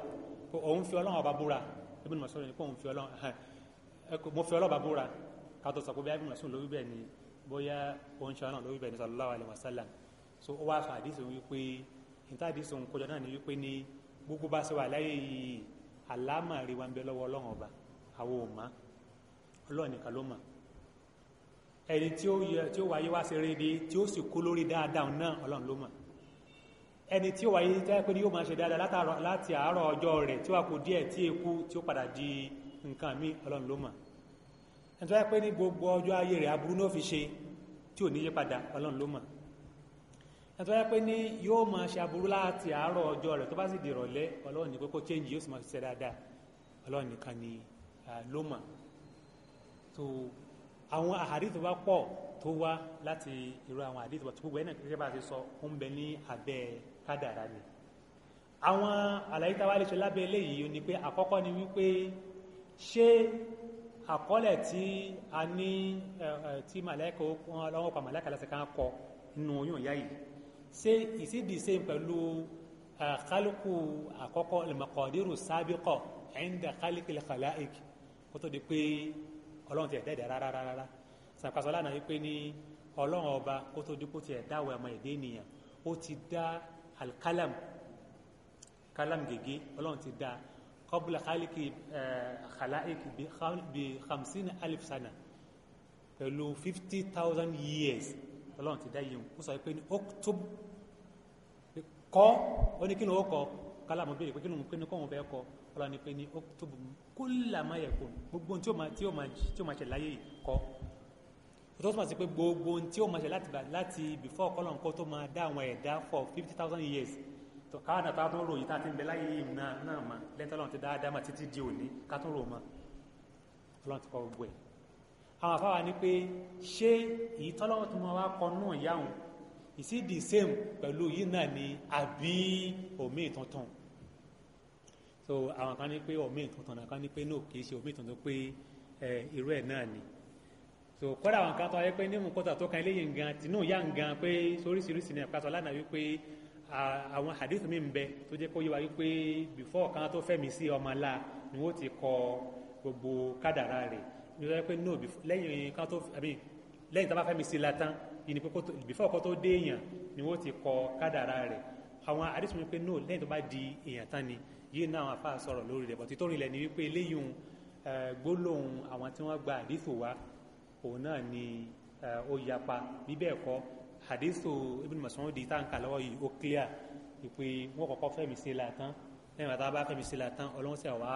òun fi ọlọ́run ọba búra Ibn Mas'ud ní pé òun fi ọlọ́run mo fi ọlọ́run ọba búra kátó sọ pé bí Ibn Mas'ud lórí bẹ́ẹ̀ ni bóyá òun ṣe ọlọ́run lórí bẹ́ẹ̀ ni sallallahu alaihi wasallam so ó wá sọ àdìsí òun wípé níta àdìsí òun náà ni wípé ní gbogbo bá ṣe wà láyé yìí àlámà rí wa ń bẹ lọ́wọ́ ọlọ́run ọba àwọn ò mọ̀ ọlọ́run nìkan ló mọ̀ ẹni tí ó yẹ tí ó wáyé wá sí rédíé tí ó sì kú lórí dáadáa náà ọlọ́run ló mọ̀ ẹni tí ó wáyé tẹ́ pé ní yóò máa ṣe dáadáa láti àárọ̀ ọjọ́ rẹ̀ tí wàá kú díẹ̀ tí eku tí ó padà di nǹkan míì ọlọ́run ló mọ̀ ẹni tó yẹ pé ní gbogbo ọjọ́ ayé rẹ̀ aburú náà fi ṣe tí ò ní yípadà ọlọ́run ló mọ̀ ẹ̀tọ́ yẹ pé ní yóò máa ṣe aburú láti àárọ̀ ọjọ́ rẹ̀ tó bá sì di ìrọ̀lẹ́ ọlọ́run ní kókó change yóò sì máa ṣiṣẹ́ dáadáa ọlọ́run nìkan ni ló mà tó àwọn àhàrí tó bá pọ̀ tó wá láti irú àwọn àhàrí tó bá tó gbogbo ẹ̀ náà gẹ́gẹ́ bá ti sọ ó ń bẹ ní abẹ́ kádàrá ni àwọn àlàyé táwa lè ṣe lábẹ́ eléyìí ó ní pé àkọ́kọ́ ni wípé ṣé àkọọ́lẹ̀ tí a ní tí màlẹ́kọ̀ọ́ ọlọ́wọ́ pa màlẹ́kọ̀ọ́ lásìkò kan kọ nínú oyún ìyá yìí ṣe ìṣèdí ṣe pẹ̀lú kálukú àkọ́kọ́ al-maqadiru sabiqa inda khalqil khalaiq kó tó di pé ọlọ́run ti ẹ̀dẹ́dẹ̀ rárá rárá sàkàṣọ lánàá wípé ní ọlọ́run ọba kó tó di kó ti ẹ̀dá àwọn ọmọ èdè ènìyàn ó ti dá alkalam kalam gègé ọlọ́run ti dá qabla khalqi khalaiq bi khamsina alif sana pẹ̀lú fifty thousand years lọ́lọ́run ti dá yìí ó sọ pé ní octob kọ́ ó ní kí ni ó kọ kálàmù béèrè pé kí ni kí ni kóhun fẹ́ kọ ọlọ́run ni pé ní octob kullama yakun gbogbo tí ó máa tí ó máa tí ó máa ṣe láyé kọ́ tó túmọ̀ pé gbogbo tí ó máa ṣe láti láti before kọ́lọ́n kọ́ tó máa dá àwọn ẹ̀dá for fifty thousand years káwọn náà tó ròyìn tá a ti ń bẹ láyé yìí náà náà mà lẹ́ńtọ́ ọlọ́run ti kọ àwọn afáwa ni pé ṣé èyí tọ́lọ́wọ́ tó máa wá kọ náà yá òun ìsí the pẹ̀lú yìí náà ni àbí omi tuntun so àwọn kan ní pé omi tuntun àwọn kan ní pé no kì í ṣe omi tuntun pé irú ẹ̀ náà ni so kọ́dà àwọn kan tó ayé pé nínú kọ́tà tó kan eléyìí ngan tìǹú yá ngan pé oríṣiríṣi ní ẹ̀ka sọ lánàá wípé àwọn hadith mi ń bẹ tó jẹ́ kó yé wa wípé before kan tó fẹ́ mi sí ọmọ ni wọ́n ti kọ gbogbo kádàrá rẹ̀ ní sọ pé no lẹ́yìn ká tó àbí lẹ́yìn tá bá fẹ́ mi sí latán yìí pé before kó tó dé èèyàn ni wọ́n ti kọ kádàrá rẹ̀ àwọn àdísùn wípé no lẹ́yìn tó bá di èèyàn tán ni yìí náà àwọn afá sọ̀rọ̀ lórí rẹ̀ bọ̀tí tó rìnlẹ̀ ni wípé eléyìí gbólóhùn àwọn tí wọ́n gba àdísù wa òun náà ni ó yapa bíbẹ̀ ẹ̀kọ́ àdísù Ibn Mas'ud di táǹkà lọ́wọ́ yìí ó clear ìpè wọ́n kọ́kọ́ fẹ́mi sí latán lẹ́yìn bàtà bá fẹ́mi sílẹ̀ tán ọlọ́run sì wá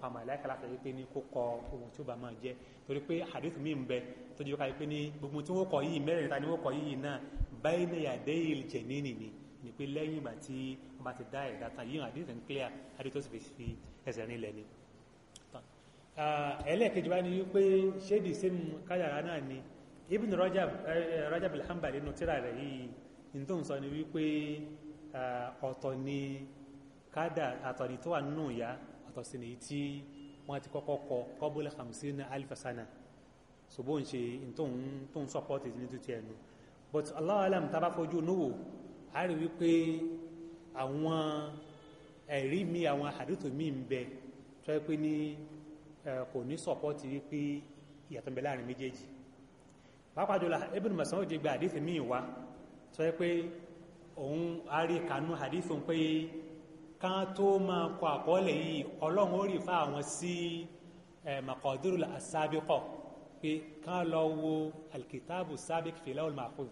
pàmò ẹ̀láìka láti ẹ̀yẹ pé ní kó kọ ohun tí ó bá máa jẹ́ torí pé hadith mi ń bẹ tó jẹ́ pé ní gbogbo tí wọ́n kọ yìí mẹ́rin níta ni wọ́n kọ yìí náà báyìí ní yàdé ìlìjẹ̀ nínì ni ni pé lẹ́yìn ìgbà tí wọ́n bá ti dá ẹ̀dá tán yíyan hadith ń clear hadith tó fi ẹsẹ̀ nílẹ̀ ni. ẹlẹ́ẹ̀kejì wá ni pé ṣé sẹ́mu káyàrá náà ni Ibn Rajab Rajab al-Hanbali nínú tírà ni wípé ọ̀tọ̀ ni Kada àtọ̀dì tó wà nínú ìyá àtọ̀ sí nìyí tí wọ́n ti kọ́kọ́ kọ kọ́bùlẹ̀ hamsina alifasana ṣùgbọ́n ń ṣe tó but Allah alam tá a bá fojú níwò a rí wípé mi àwọn àdútò mi ń bẹ tó ni pé ní kò ní sọpọ́tì wípé ìyàtọ̀ ń bẹ láàrin méjèèjì pàápàá jùlọ Ibn Mas'ud ti gba àdìsí míì wá tó pe pé òun a rí kanú àdìsí kan tó máa kọ àkọọ́lẹ̀ yìí ọlọ́run ó rì fún àwọn sí eh, makadiru asabiqo pé kan lọ wo alikitaabu sabiq filawul mahfuz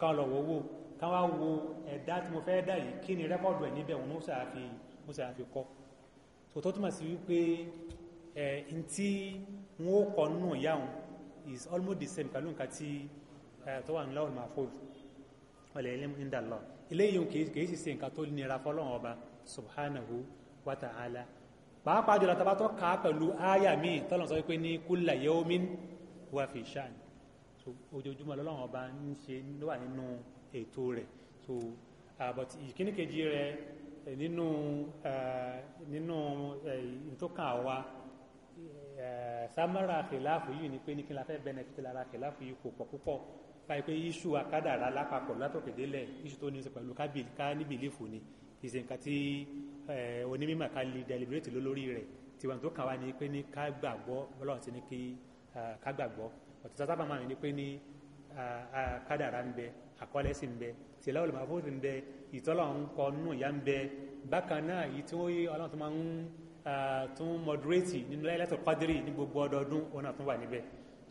kan lọ wo wo kan wá wo ẹ̀dá tí mo fẹ́ dà yìí kí ni rẹ́kọ̀dù ẹ̀ níbẹ̀ òun ó ṣàfihàn ó ṣàfihàn kọ́ so tó túmọ̀ sí wípé ẹ̀ eh, ntí wọn ó kọ́ nù ìyá wọn is almost the same pẹ̀lú nǹkan tí eh, tó wà nílẹ̀ ọ̀lùmọ̀ àfọ̀jù ọ̀lẹ̀ ilé ń dà lọ eléyìí kì í sì ṣe nǹkan tó nira fọlọ́run ọba subhanahu wa ta'ala pàápàá jùlọ tàbá tó kàá pẹ̀lú áyà míì tọ́lọ̀ sọ wípé ní kulla yawmin huwa fi sha'n ojoojúmọ́ lọ́lọ́run ọba ń ṣe ló nínú ètò rẹ̀ so ah, but ìkíní kejì rẹ̀ eh, nínú eh, nínú ìtọ́kàn eh, àwa samara khilafu yìí ni pé ní kí n la fẹ́ benefit lára khilafu yìí kò pọ̀ púpọ̀ báyìí pé iṣu akádàrá lápapọ̀ látòkèdélẹ̀ iṣu tó ní í pẹ̀lú ká níbìlífù ni kì í ṣe nǹkan tí onímọ̀ ká lè deliberate lórí rẹ̀ tiwa tó kàn wá ní pé ní ká gbàgbọ́ bọ́lọ́run ti ní kí ká gbàgbọ́ ọ̀tún sábà máa ní pé ní kádàrá ń bẹ àkọọ́lẹ̀ sì ń bẹ tìlẹ́ olùmọ̀ àfọwọ́sì ń bẹ ìtọ́lọ̀ ń kọ nù ìyá ń bẹ bákan náà èyí tí wọ́n yé ọlọ́run tó máa ń tún moderate nínú lẹ́lẹ́tọ̀ kọ́dírì ní gbogbo ọdọọdún òun náà wà níbẹ̀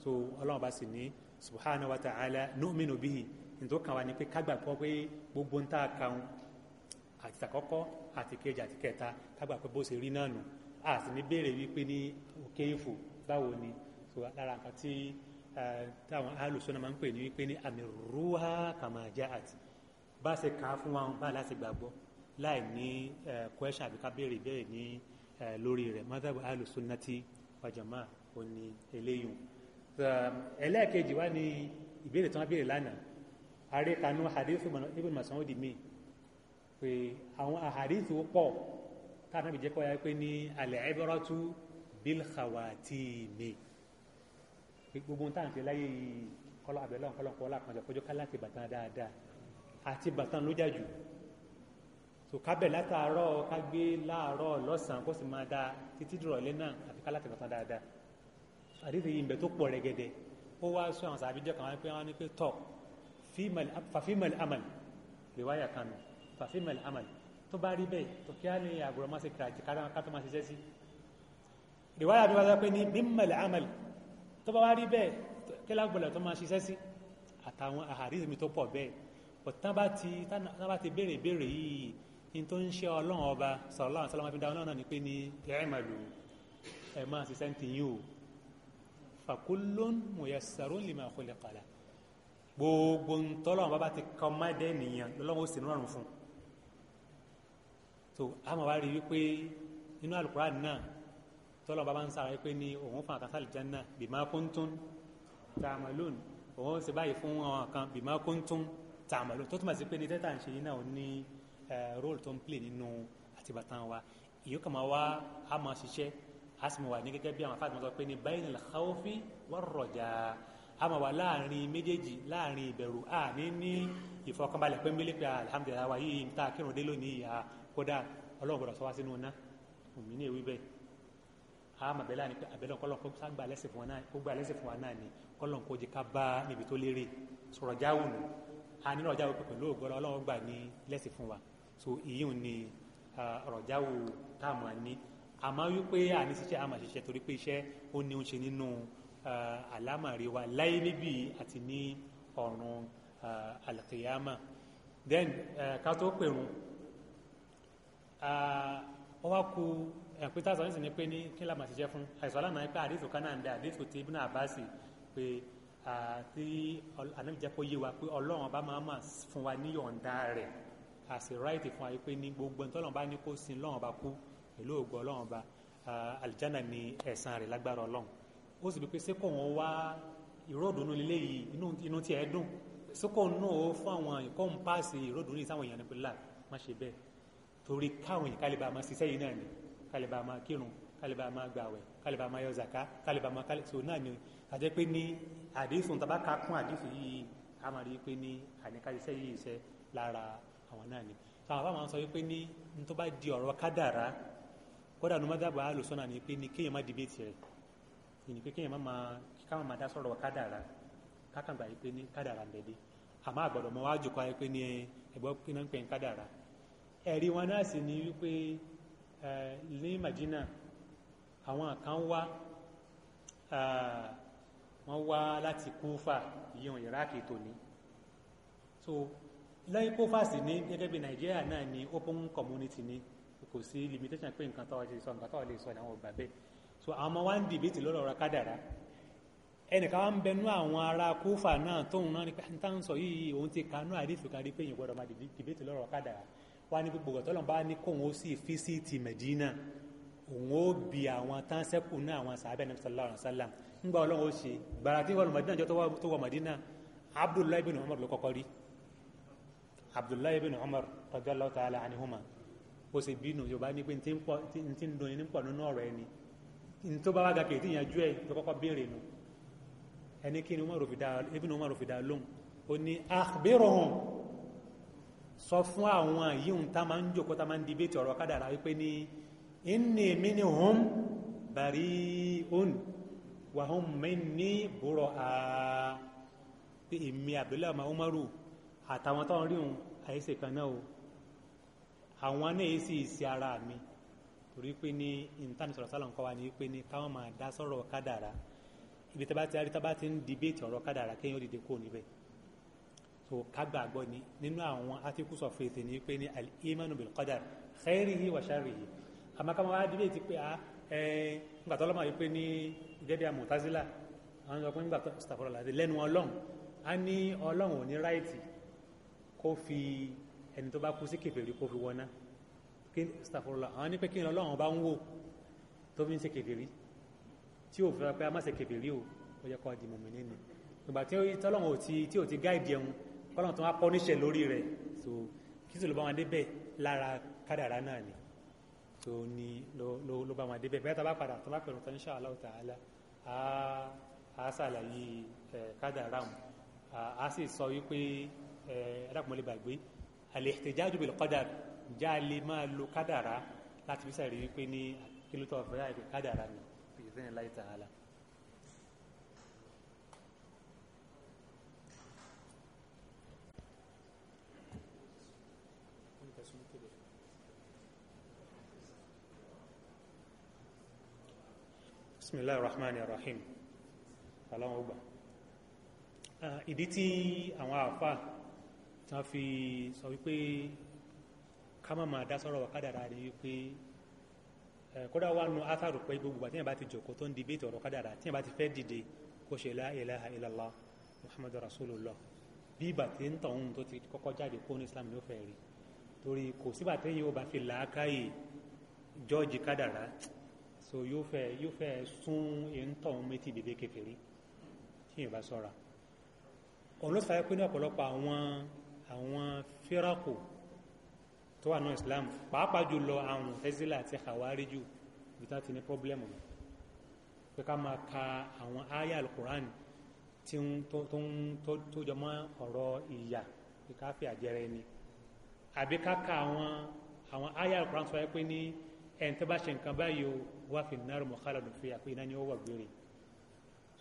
so ọlọ́run bá sì ní subhanahu wa ta'ala nu'minu bihi nítorí kan wá ní pé ká gbàgbọ́ pé gbogbo ń tá a àti tàkọ́kọ́ àti kejì àti kẹta kágbà pé bó ṣe rí náà nù a sì ní béèrè wípé ní òkè ìfò báwo ni lára nǹkan tí táwọn alùsọ́nà máa ń pè ní wípé ní àmì rúhà kàmájà àti bá ṣe kà fún wa bá láti gbàgbọ́ láì ní kwẹ́ṣà àbí ká béèrè béèrè ní lórí rẹ̀ mọ́tàbí alùsọ́nà tí wàjàmá ò ní eléyìí ẹlẹ́ẹ̀kejì wá ní ìbéèrè tí wọ́n béèrè lánàá àríkanú hadith ibn Mas'ud mi pé àwọn àhàdíìsì ó pọ̀ táwọn àbí jẹ́ kọ́ ya pé ní al-ibratu bil khawatimi gbogbo táwọn ti láyé yìí kọ́lọ́ àbẹ̀lọ́ kọ́lọ́ kọ́lọ́ àpọ̀jọ́ kọjọ́ ká láti bàtàn dáadáa àti bàtàn ló jà jù so kábẹ̀ látàárọ̀ ká gbé láàárọ̀ lọ́sàn-án kó sì máa da títí dìrọ̀lẹ́ náà àfi ká láti bàtàn dáadáa àdéhùn yìí ń tó pọ̀ rẹ́gẹ́dẹ́ ó wá sọ àwọn sàbíjọ́ kan wá ní pé tọ̀ fàfímẹ̀lì amal lè wáyà kanu fàfihàn amal tó bá rí bẹ́ẹ̀ tó kí á ní àgùrọ̀ máa ṣe kìrà àti kátó máa ṣiṣẹ́ sí ìwádà bí wọ́n sọ pé ní mímọ̀l amal tó bá wá rí bẹ́ẹ̀ kí lágbọ̀lẹ̀ tó máa ṣiṣẹ́ sí àtàwọn àhàrísì tó pọ̀ bẹ́ẹ̀ bọ̀tán bá ti béèrè ìbéèrè yìí in tó ń ṣe ọlọ́run ọba sọ̀rọ̀lá àti ọlọ́run afẹ́dá náà ni pé ní ẹ̀ẹ́màlú ẹ̀ máa ṣiṣẹ́ ti yín o fàkúlón mùyẹ̀sàrún lè máa kọlẹ̀ kọlẹ̀ gbogbo ń tọ́lọ́run bá ti kọ́ mọ́dẹ́ nìyẹn lọ́lọ́run ó sì fún un so àmọ́ wá rí wípé inú alukuraan náà tọ́lọ̀ bàbá ń sára wípé ní òun fún àkàtà àlìjáná bìmá kóńtún tààmàlónì òun sì báyìí fún àwọn kan bìmá kóńtún tààmàlónì tó túmọ̀ sí pé ní tẹ́tà ń ṣe yín náà ní róòlù tó ń plè nínú àtibàtàn wa ìyóò kàn máa wá a máa ṣiṣẹ́ a sì máa wà ní gẹ́gẹ́ bí àwọn afáàtì máa sọ pé ní báyìí nílẹ̀ káwọ́fì wọ́n rọ̀jà ta kírun dé lónìí kódà ọlọ́run gbọ́dọ̀ sọ wá sínú iná òmí ní ewì bẹ́ẹ̀ àmọ́ àbẹ́lẹ́ àni pé àbẹ́lẹ́ kọ́lọ́n kó sá gbà lẹ́sìn fún wa náà ni kọ́lọ́n kó jẹ ká bá níbi tó lérè sọ̀rọ̀ jáwù nù a nínú ọ̀jáwù pẹ̀lú ògbọ́dọ̀ ọlọ́run gbà ní lẹ́sìn fún wa so ìyíùn ni ọ̀rọ̀ jáwù táàmù àní àmọ́ wípé àní ṣiṣẹ́ àmọ́ ṣiṣẹ́ torí pé iṣẹ́ ó ní oúnjẹ nínú àlámàrí wa láyé níbí àti ní ọ̀run alkiyama then ká tó pèrún wọ́n wá ku ẹ̀pẹ́tà sọ nísìnyí pé ní kí lámà ti jẹ́ fún àìsàn aláàmà pé àdéhùn kan náà ń bẹ àdéhùn tí ibùnà àbáṣe pé tí ànábìjẹ́ kó yé wa pé ọlọ́run ọba máa mà fún wa níyọ̀ǹda rẹ̀ àṣì ráìtì fún wa pé ní gbogbo ntọ́lọ́run bá ní kó sin lọ́run ọba kú pẹ̀lú ògo ọlọ́run ọba àlìjánà ni ẹ̀san rẹ̀ lágbára ọlọ́run ó sì bí pé sékò wọn wá ìròdùnú lílé yìí inú tiẹ̀ dùn sékò náà ó fún àwọn ìkọ́ǹpáàsì ìròdùnú yìí sáwọn èèyàn ní má ṣe bẹ́ẹ̀ torí káwọn yìí kálíbà máa ṣiṣẹ́ yìí náà ni kálíbà máa kírun kálíbà máa gbàwẹ̀ kálíbà máa yọ zaka kálíbà máa kálí so náà ni àjẹ́ pé ní àdéhùn tàbá ká kún àdéhùn yìí a máa rí i pé ní àníkàṣiṣẹ́ yìí iṣẹ́ lára àwọn náà ni àwọn afáwọn máa ń sọ wípé ní n tó bá di ọ̀rọ̀ kádàrá kódà ní mọ́tàbà àlùsọ́nà ni pé ní kéèyàn má dìbètì rẹ̀ ìní pé kéèyàn má máa káwọn máa dá sọ̀rọ̀ kádàrá kákàǹgbà yìí pé ní ẹ̀rí wọn náà sì ni wípé ní Madina àwọn kan wá wọ́n wá láti Kúfà ìyẹn Iraki tòní so lẹ́yìn Kúfà sì ní gẹ́gẹ́ bí Nàìjíríà náà ni open community ni kò sí limitation pé nǹkan tó wà lè sọ nǹkan tó lè sọ ní àwọn ọgbà bẹ́ẹ̀ so àwọn ọmọ wa ń dìbìtì lọ́rọ̀ ọ̀rọ̀ kádàrá ẹnìkan wá ń bẹnu àwọn ará Kúfà náà tóun náà nípa táwọn sọ yìí òun ti kanú àdìsù pé èèyàn gbọ́dọ̀ máa dìbìtì lọ́rọ̀ kádàrá wá ní gbogbo ọ̀tọ́lọ́n bá ní kóun ó sì fi sí ti Medina òun ó bi àwọn tán sẹ́kù náà àwọn sàábẹ́ Ànábì sallallahu alaihi wasallam ńgbà ọlọ́run ó ṣe gbàrà tí wọ́n Medina jọ tó wọ Medina Abdullahi bin Umar ló kọ́kọ́ rí Abdullahi bin Umar radiyallahu ta'ala anihuma ó sì bínú yorùbá ní pé n ti ń dunni nípọ̀ nínú ọ̀rọ̀ ẹni n tó bá wá ga kì í ti tó kọ́kọ́ béèrè nu ẹni kí ni Umar fi dá lóhùn ó ní akhbiruhum sọ fún àwọn yìí ń tá máa ń jòkó tá máa ń debate ọ̀rọ̀ kádàrá wípé ní inni minhum bari'un wa hum minni bura'a pé èmi Abdullahi ọmọ Umaru àtàwọn tó ń rí òun àyèsè kan náà o àwọn náà sì ṣe ara mi torí pé ní ìntàní sọ̀rọ̀ sálọ̀ nǹkan wa ni pé ní káwọn máa dá sọ̀rọ̀ kádàrá ibi tí bá ti ń debate ọ̀rọ̀ kádàrá kéèyàn dìde kúrò níbẹ̀ so kágbàgbọ́ ni nínú àwọn articles of faith ni pé ní al-imanu bil-qadar khairihi wa sharrihi àmọ́ ká máa dìbò ti pé ah, ẹ ńgbà tó lọ́mọ yìí pé ní gẹ́gẹ́ àmọ̀tázílà àwọn ọmọ ńgbà tó sàfọ̀rọ̀ láti lẹ́nu ọlọ́run á ní ọlọ́run ò ní ráìtì kó fi ẹni tó bá kú sí kèfèrí kó fi wọná kí sàfọ̀rọ̀ la àwọn ní pé kí ni ọlọ́run bá ń wò tó fi ń ṣe kèfèrí tí ò fẹ́ pé a má ṣe kèfèrí o ó yẹ kó di mùmínì ni ìgbà tí ọlọ́run ò ti tí ò ti gáìdì ẹ̀hún kọ́lọ̀ tó wá pọ́ níṣẹ́ lórí rẹ̀ so kí sì ló bá wọn débẹ̀ lára kádàrá náà ni so ni ló bá wọn débẹ̀ bẹ́ẹ̀ tá bá padà tó bá pẹ̀lú tó insha Allah ta'ala á ṣàlàyé kádàrá wọn á sì sọ wípé ẹ̀ẹ́dàkùnmọ́lẹ̀ gbàgbé al-ihtijaju bil-qadar já lè máa lo kádàrá láti fi sẹ́rí wípé ní kí ló tọ́ fẹ́ àìpé kádàrá ni ìṣẹ́yìn láì ta'ala bismillah rahman rahim aláwọn ọgbà ah, ìdí tí àwọn àfà tán fi sọ wípé ká má máa dá sọ́rọ̀ kádàrá rí wípé eh, kódà wà nù átàrù pé gbogbo àti ìyàn bá ti jòkó tó ń dìbéètì ọ̀rọ̀ kádàrá tí ìyàn bá ti fẹ́ dìde kó ṣe la ilaha illallah muhammadu rasulullah bí ìgbà tí ń tọ̀hún tó ti kọ́kọ́ jáde kó ní islam ló fẹ́ rí torí kò sígbà téèyàn ó bá fi làákàyè jọ́ọ̀jì kádàrá so yóò fẹ́ yóò fẹ́ sún ìntọ̀ méjì bèbè kékeré tí yóò bá sọ́ra olóòfà pé ní ọ̀pọ̀lọpọ̀ àwọn àwọn fíràkù tó wà ní Islam pàápàá jùlọ àwọn tẹ́sílà àti àwáríjù ibi tá ti ní pọ́blẹ́mù pé ká máa ka àwọn àyà alukurani tí ń tó tó tó jọmọ́ ọ̀rọ̀ ìyà pé ká fi àjẹrẹ ni àbí ká ka àwọn àwọn àyà alukurani sọ pé ní ẹni tó bá ṣe nǹkan báyìí o wà fi nàrú mọ̀kálàdùn fi àpé iná ni ó wà gbére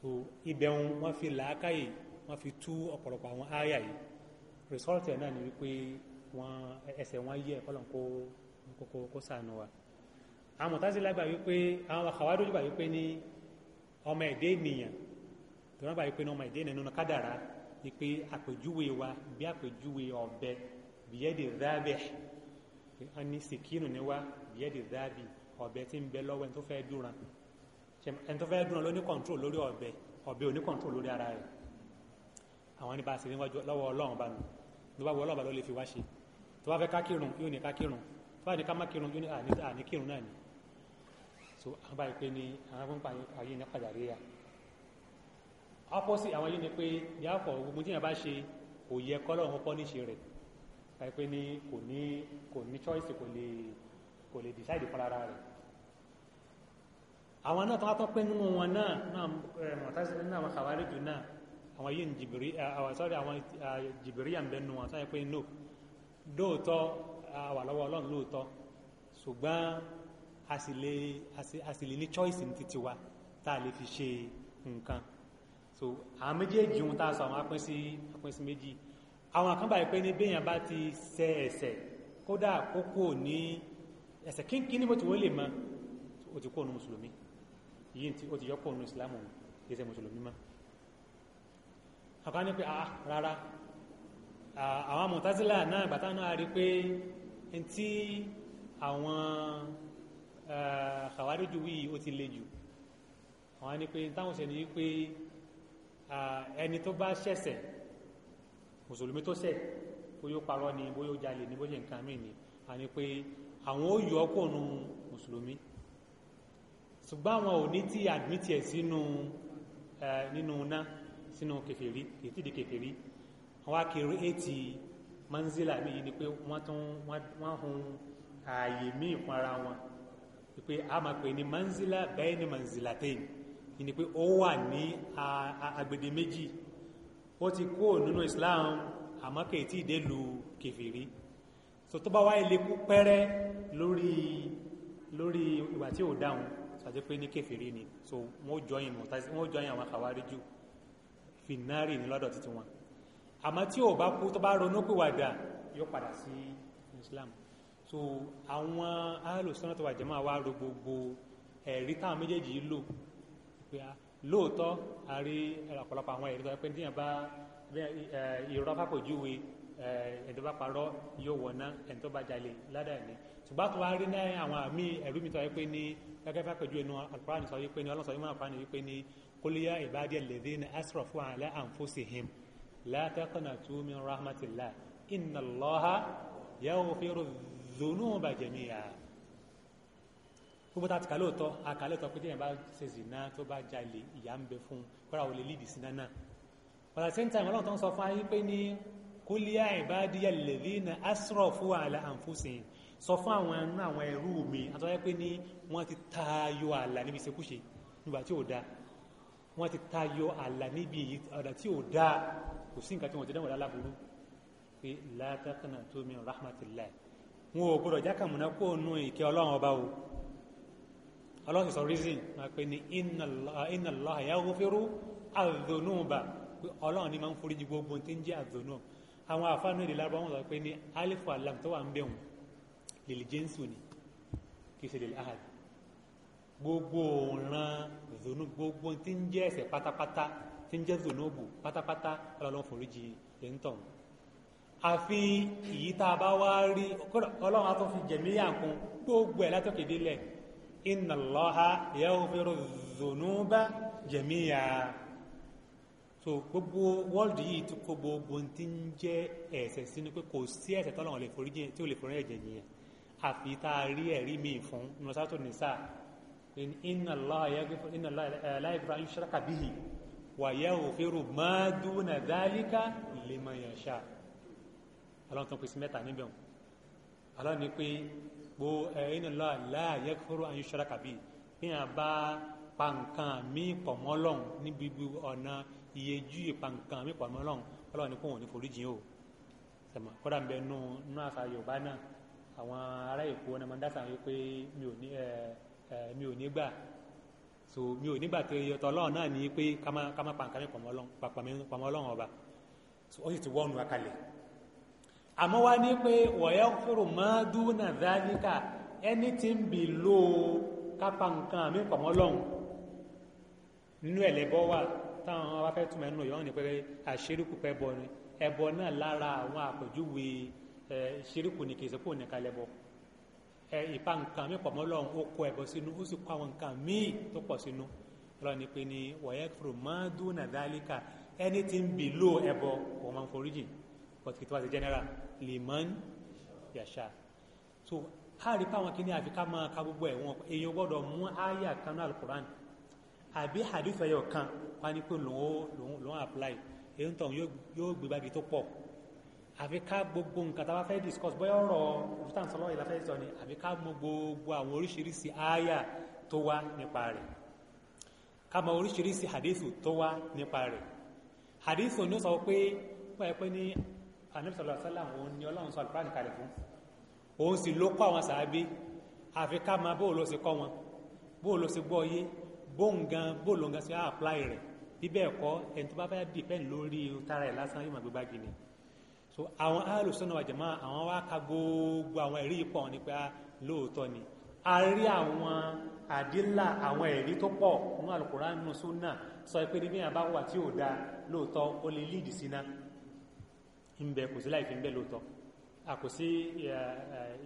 so ibẹ̀ wọn fi làákàyè wọn fi tú ọ̀pọ̀lọpọ̀ àwọn ááyà yìí result ẹ̀ náà ni wípé wọn ẹsẹ̀ wọn yẹ kọ́lọ̀n kó kó kó sànù wa àwọn mọ̀tásí lágbà wípé àwọn àkàwádójú gbà wípé ní ọmọ ẹ̀dẹ́ ènìyàn tó wọn gbà wípé ní ọmọ ẹ̀dẹ́ ènìyàn nínú kádàrá wípé wa bí àpèjúwe ọ̀bẹ bìyẹ́dì dábẹ̀ wọn ní sìkínù ni wa bìyẹ́dì dábì ọ̀bẹ tí ń bẹ lọ́wọ́ ẹni tó fẹ́ dúran ẹni tó fẹ́ dúran ló ní kọ̀ǹtrol lórí ọ̀bẹ ọ̀bẹ ò ní kọ̀ǹtrol lórí ara rẹ̀ àwọn nípa àṣírí lọ́wọ́ ọlọ́run bá nù tó bá wọ ọlọ́run bá ló lè fi wá ṣe tó bá fẹ́ ká kírun yóò ní ká kírun tó bá ní ká má kírun yóò ní àní kírun náà ni so àwọn báyìí pé ní àwọn pínpín ayé ní pàjáde yà opposite àwọn yìí ni pé ní àpọ̀ gbogbo tí yẹn bá ṣe kò yẹ kọ́lọ́run kọ́ níṣe rẹ̀ báyìí pé ní kò ní kò ní choice kò lè kò lè decide fúnra rẹ̀ àwọn náà tó wá tó pé nínú wọn náà náà mọ̀tásí nínú àwọn kàwárí eh, jù náà àwọn yìí ń jìbìrí eh, àwọn sọ́rí àwọn eh, jìbìrí à ń bẹnu wọn sáyẹ pé no lóòótọ́ àwà lọ́wọ́ ọlọ́run lóòótọ́ ṣùgbọ́n a sì lè ní choice ní títí wa tá a lè fi ṣe nǹkan so àwọn méjèèjì ohun tá a sọ àwọn apín sí apín sí méjì àwọn kan báyìí pé ní béèyàn bá ti ṣẹ̀ ẹ̀ṣẹ̀ kódà kókó ní ẹ̀sẹ̀ kínkín ní mọ́tí wọ́n lè máa ó ti kóònù mùsùlùmí yìí tí ó ti yọ kóònù ìsìlámù ìṣẹ́ mùsùlùmí mọ́ àkọ́ni pé àá rárá àwọn mọ̀tázílà náà bàtà náà rí pé n tí àwọn kàwáríjù wí ó ti le jù àwọn ni pé táwọn ṣe ni pé ẹni tó bá ṣẹ̀ṣẹ̀ mùsùlùmí tó ṣẹ̀ bóyó parọ́ ni bóyó jalè ni bóyó nǹkan mí ni àní pé àwọn ó yọ ọkùnrin mùsùlùmí ṣùgbọ́n àwọn ò ní tí admit ẹ̀ sínú nínú iná sínú kèfèrí kètìdì kèfèrí àwọn akèrè ètì manzila mi yìí ni pé wọ́n tún wọ́n hun ààyè míì fún ara wọn pé a máa pè ní manzila bẹ́ẹ̀ ni manzila tẹ́yìn ni pé ó wà ní agbede méjì ó ti kó nínú Islam àmọ́ kètìdì lu kèfèrí so tó bá wáyé lè kú pẹ́rẹ́ lórí lórí ìwà tí ò dáhùn sàjẹ́ pé ní kèfèrí ni so wọ́n jọyìn mọ̀tàsí wọ́n jọyìn àwọn àkàwárí jù fìnnárì ní lọ́dọ̀ títí wọn àmọ́ tí ò bá kú tó bá ronú pìwàdà yóò padà sí Islam so àwọn alòsánà tó wà jẹ́mọ́ àwa ro gbogbo ẹ̀rí táwọn méjèèjì yìí lò pé a ah, lóòótọ́ a rí ọ̀pọ̀lọpọ̀ àwọn ẹ̀rí tó yẹ pé ní ìyàn bá irọ́ fàpọ̀júwe ẹni tó bá parọ́ yóò wọná ẹni tó bá jalè ládàá ni ṣùgbọ́n tó wá rí ní àwọn àmì ẹ̀rú mi tó yẹ pé ní gẹ́gẹ́ fẹ́ pẹ̀jú ẹnu Al-Qur'an sọ wípé ní ọlọ́sọ yìí máa wípé ní kólíyà ìbádìí alladhina asrafu ala anfusihim la taqnatu min rahmatillah inna Allaha yaghfiru dhunuba jami'a gbogbo tá a ti kà lóòótọ́ a kà lóòótọ́ pé téèyàn bá ṣe zina tó bá jalè ìyà ń bẹ fún un kọ́ra lídìí sí náà náà but at the tó ń sọ fún ayé pé ní kul ya ibadiyal ladhina asrafu ala anfusihim sọ fún àwọn ẹnu àwọn ẹrú mi àtọ́jọ́ pé ní wọ́n ti tayọ àlà níbi ìṣekúṣe nígbà tí ò da wọ́n ti tayọ àlà níbi ọ̀dà tí ò da kò sí nǹkan tí wọ́n ti dẹ́wọ̀n lálábùrú pé la taqnatu min rahmatillah wọn ò gbọdọ̀ jákàmùná kó nu ìkẹ́ ọlọ́run ọba o ọlọ́run sọ reason máa pe ní inna Allah yaghfiru adh-dhunuba pé ọlọ́run ni máa ń foríjì gbogbo tí ń jẹ́ adh-dhunub àwọn àfáànú èdè lárúbá wọn sọ pé ní alifu alam tó wà ń bẹ̀wọ̀n lèlè jẹ́nsù ni kì í ṣe lèlè ahad gbogbo òran zonu gbogbo tí ń jẹ́ ẹ̀ṣẹ̀ pátápátá tí ń jẹ́ zonobu pátápátá ọlọ́run fòrí jì ẹ̀ńtọ̀n àfi èyí tá a bá wá rí ọlọ́run atọ́ fi jẹ̀mí àkún gbogbo ẹ̀ látọ̀kédélẹ̀ inna Allaha yaghfiru dhunuba jami'a so gbogbo world yìí tó kó gbogbo tí ń jẹ́ ẹ̀ṣẹ̀ sínú pé kò sí ẹ̀ṣẹ̀ tọ́lọ́run lè forí jìn tí ò lè forí ẹ̀jẹ̀ yìnyẹn àfi tá a rí ẹ̀rí mi fún nọ́sátò nìsà inna Allaha la yaghfiru an yushraka bihi wa yaghfiru ma duna dhalika liman yasha tó ń pèsè mẹ́ta níbẹ̀ aláwọn ni pé gbo inna Allaha la yaghfiru an yushraka bihi bí wọn bá pa nǹkan mí pọ̀ mọ́ Ọlọ́run níbi ọ̀nà iye ju ìpankan mi pàmò ọlọ́run ọlọ́run ní kò wọ́n ní foríjì o tẹ̀mọ̀ kódà ń bẹ nú nú àṣà yorùbá náà àwọn ará èkó ọ̀nà máa ń dásà wípé mi ò ní ẹ ẹ mi ò ní gbà so mi ò ní gbà tó iye ọ̀tọ̀ ọlọ́run náà ní pé ká má ká má pàǹkan mi pàmò ọlọ́run pàmò ọlọ́run ọba so ó sì ti wọ́ọ̀nù akalẹ̀ àmọ́ wá ní pé wọ̀yẹ́ kúrò máa dúnà dáníkà anything below kápá nǹkan mi pàmò ọlọ́run nínú ẹ̀lẹ́bọ́ wà táwọn wá fẹ́ túmọ̀ ẹnu yọ̀ọ́ ní pé àṣírìkù pẹ́ bọ ni ẹbọ náà lára àwọn àpèjúwe ẹ ṣírìkù ní kìí sẹ́kù nìkan lẹ́bọ ẹ ìpa nǹkan mi pọ̀ mọ́ lọ́run ó kó ẹbọ sínú ó sì kó àwọn nǹkan míì tó pọ̀ sínú lọ́run ni pé ni wọ̀nyẹ́ fúru máa dún nàdálíkà anything below ẹbọ òun máa ń foríjì but kìí tó wá sí general liman yasha so káàrí pàwọn kìíní àfi ká máa ka gbogbo ẹ̀ wọn èèyàn gbọ́dọ̀ mú àyà kan náà alukuran àbí hadith ẹ̀yọ̀ kan wọ́n á pé lòun ó lòun lòun apply èyí ń tàn yóò gbé báàgì tó pọ̀ àfi ká gbogbo nǹkan tá a bá fẹ́ discuss bóyá ọ̀rọ̀ rutan sọlọ́ ìlà fẹ́ sọ ni àfi ká mọ gbogbo àwọn oríṣiríṣi àyà tó wá nípa rẹ̀ ká mọ oríṣiríṣi hadithu tó wá nípa rẹ̀ hadithu ni ó sọ pé pé pé ní anabi sọlọ sọlá òun ni ọlọ́run sọ àlùfáà nìkalẹ̀ fún òun sì ló kọ́ àwọn sàábé àfi ká mọ bóòlù ó sì kọ́ wọn bóòlù ó sì gbọ́ yé bóòlù gan bóòlù gan sì á apply rẹ̀ bíbẹ̀ ẹ̀kọ́ ẹni tó bá fẹ́ dìpẹ́ǹ lórí tara ẹ̀ lásán yóò máa gbégbá gini so àwọn alùsọ́nà wàjẹ̀mọ́ àwọn wá ka gbogbo àwọn ẹ̀rí yìí pọ̀ nípa lóòótọ́ ni a rí àwọn àdílà àwọn ẹ̀rí tó pọ̀ nínú Al-Qur'an nínú súnà sọ pé níbi yàn bá wà tí ò da lóòótọ́ ó lè líìdì síná ń bẹ kò sí láì fi ń bẹ lóòótọ́ àkòsí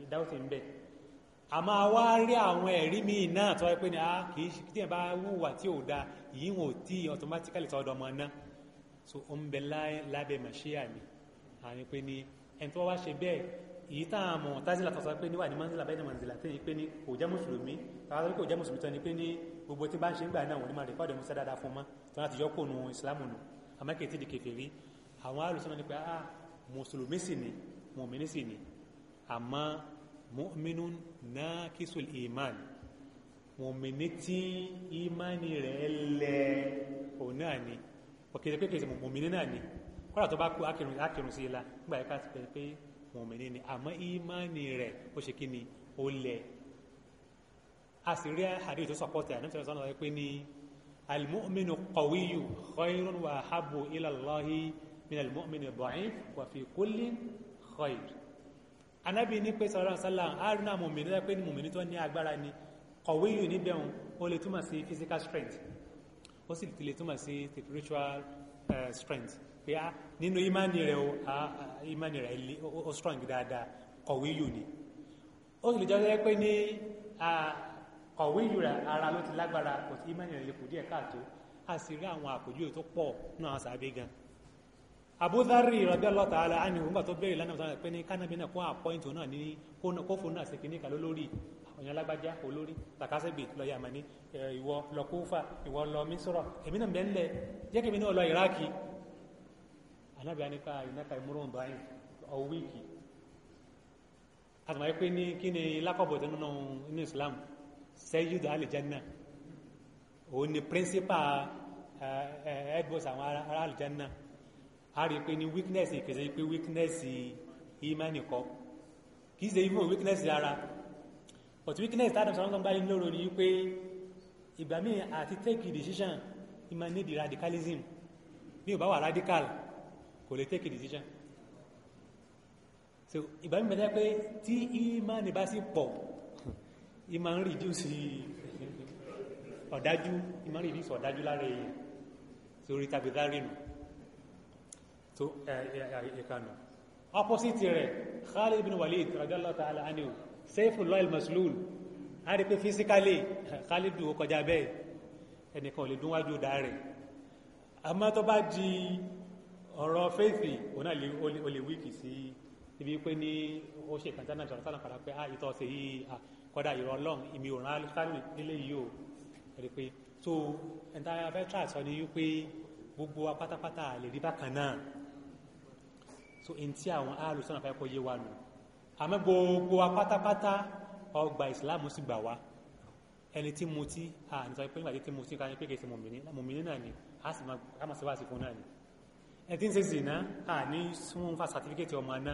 ìdáwọ́sí ń bẹ a máa wá rí àwọn ẹ̀rí míì náà tó wáyé pé ní a ah, kì í tí yẹn bá wùwà tí ò da yìí wọn ò tí automatically tọ́ ọdọ ọmọ náà so ó ń bẹ lábẹ́ màṣíà ni àní pé ní ẹni tó wá ṣe bẹ́ẹ̀ èyí tá a mọ̀ tásílà tó sọ pé níwà ní manzila bẹ́ẹ̀ ní manzila tó yìí pé ní kò jẹ́ mùsùlùmí tàbí sọ pé kò jẹ́ mùsùlùmí tán ni pé ní gbogbo tí bá ń ṣe ń gbà náà wọ́n ní máa rẹ̀ kọ́ọ̀dẹ̀ musa dáadáa fún ọmọ tó láti yọ́pọ̀ nu ìsìlámù nù àmọ́ ti di kèfèrí àwọn alùsọ́nà ni pé ah mùsùlùmí sì ni mùmíní sì ni àmọ́ mu'minun naqisul iman mùmìnì tí ìmánì rẹ̀ lẹ òun náà ni òkèèrè pé kèsì mùmìnì náà ni kọ́lá tó bá kú ákìrùn sí ilá nígbà yìí ká ti pẹ̀lú pé mùmìnì ni àmọ́ ìmánì rẹ̀ ó ṣe kí ni ó lẹ a sì rí àdé tó sọpọ́tì àdé tó pé ní anábì ní pé sọ̀rọ̀ sọ́là àárín àwọn mòmìnì pé ní mòmìnì tó ní agbára ni kọ̀wé yìí níbẹ̀ òun ó lè túmọ̀ sí physical strength ó sì lè túmọ̀ sí spiritual eh, strength pé á nínú ìmánì rẹ̀ ìmánì rẹ̀ ó strong dáadáa kọ̀wé yìí ni ó sì lè jẹ́ pé ní kọ̀wé yìí rẹ̀ ara ló ti lágbára kò sí ìmánì rẹ̀ lè kù díẹ̀ káàtó abudari radiyallahu ta'ala anhu nígbà tó bẹ̀rẹ̀ lánàá sọ̀rọ̀ pé ní kánábì náà kó àpọ́ìntì náà ní kófò náà ṣe kìíní kan lórí ọ̀yàn alágbájá olórí takasẹ́gbè lọ yamani ìwọ lọ kófà ìwọ lọ mísọ̀rọ̀ èmi náà bẹ́ẹ̀ lẹ̀ jẹ́ kí èmi náà lọ iraki anábì anípa ìnáka ìmúrùn báyìí ọ̀ wíìkì àtàwọn pé ní kí ni lákọ̀bọ̀ tó nínú inú Islam sayyid al-janna òun ni principal head boss àwọn ará al-janna a rí i pé ní weakness kìí ṣe pé weakness imani kọ́ kìí ṣe even weakness ara but weakness tádùn sọ̀rọ̀ kan báyìí lóró ni pé ìgbà míì àti take a decision ìmọ̀ need radicalism mi ò bá wà radical kò lè take decision so ìgbà míì bẹ́tẹ́ pé tí imani bá sì pọ̀ ìmọ̀ ń reduce ọ̀dájú ìmọ̀ ń reduce ọ̀dájú lára èèyàn so rí tàbí dárínù so ìkànnù opposite rẹ̀ Khalid ibn Walid radiyallahu ta'ala anhu Saifullah al-Maslul a rí pé physically Khalid dùn ó kọjá bẹ́ẹ̀ ẹnìkan ò lè dún wájú ọ̀dà rẹ̀ àmọ́ tó bá di ọ̀rọ̀ faith òun náà ó lè wíkì sí ibi pé ní ó ṣe ìkàntà náà sọ̀rọ̀ sálà padà pé ah ìtọ́ ṣe yìí kọ́dà ìrọ̀ ọlọ́run ìmì òrùn alùpàlù nílé yìí o rí pé so ẹ̀ńtà afẹ́ tíra sọ ni wípé gbogbo apátápátá lè rí bákan náà so n tí àwọn aálù sọ́nà fẹ́ kó yé wa nù àmọ́ gbogbo wa pátápátá ọgbà ìsìláàmù sì gbà wá ẹni tí mo ti à ní sọ pé nígbà tí mo ti ká ní pé kìí ṣe mòmìnir mòmìnir náà ni a sì máa ṣe wá sí fún náà ni ẹni tí ń ṣe zìnà à ní sún fa sàtífíkẹ́tì ọmọ aná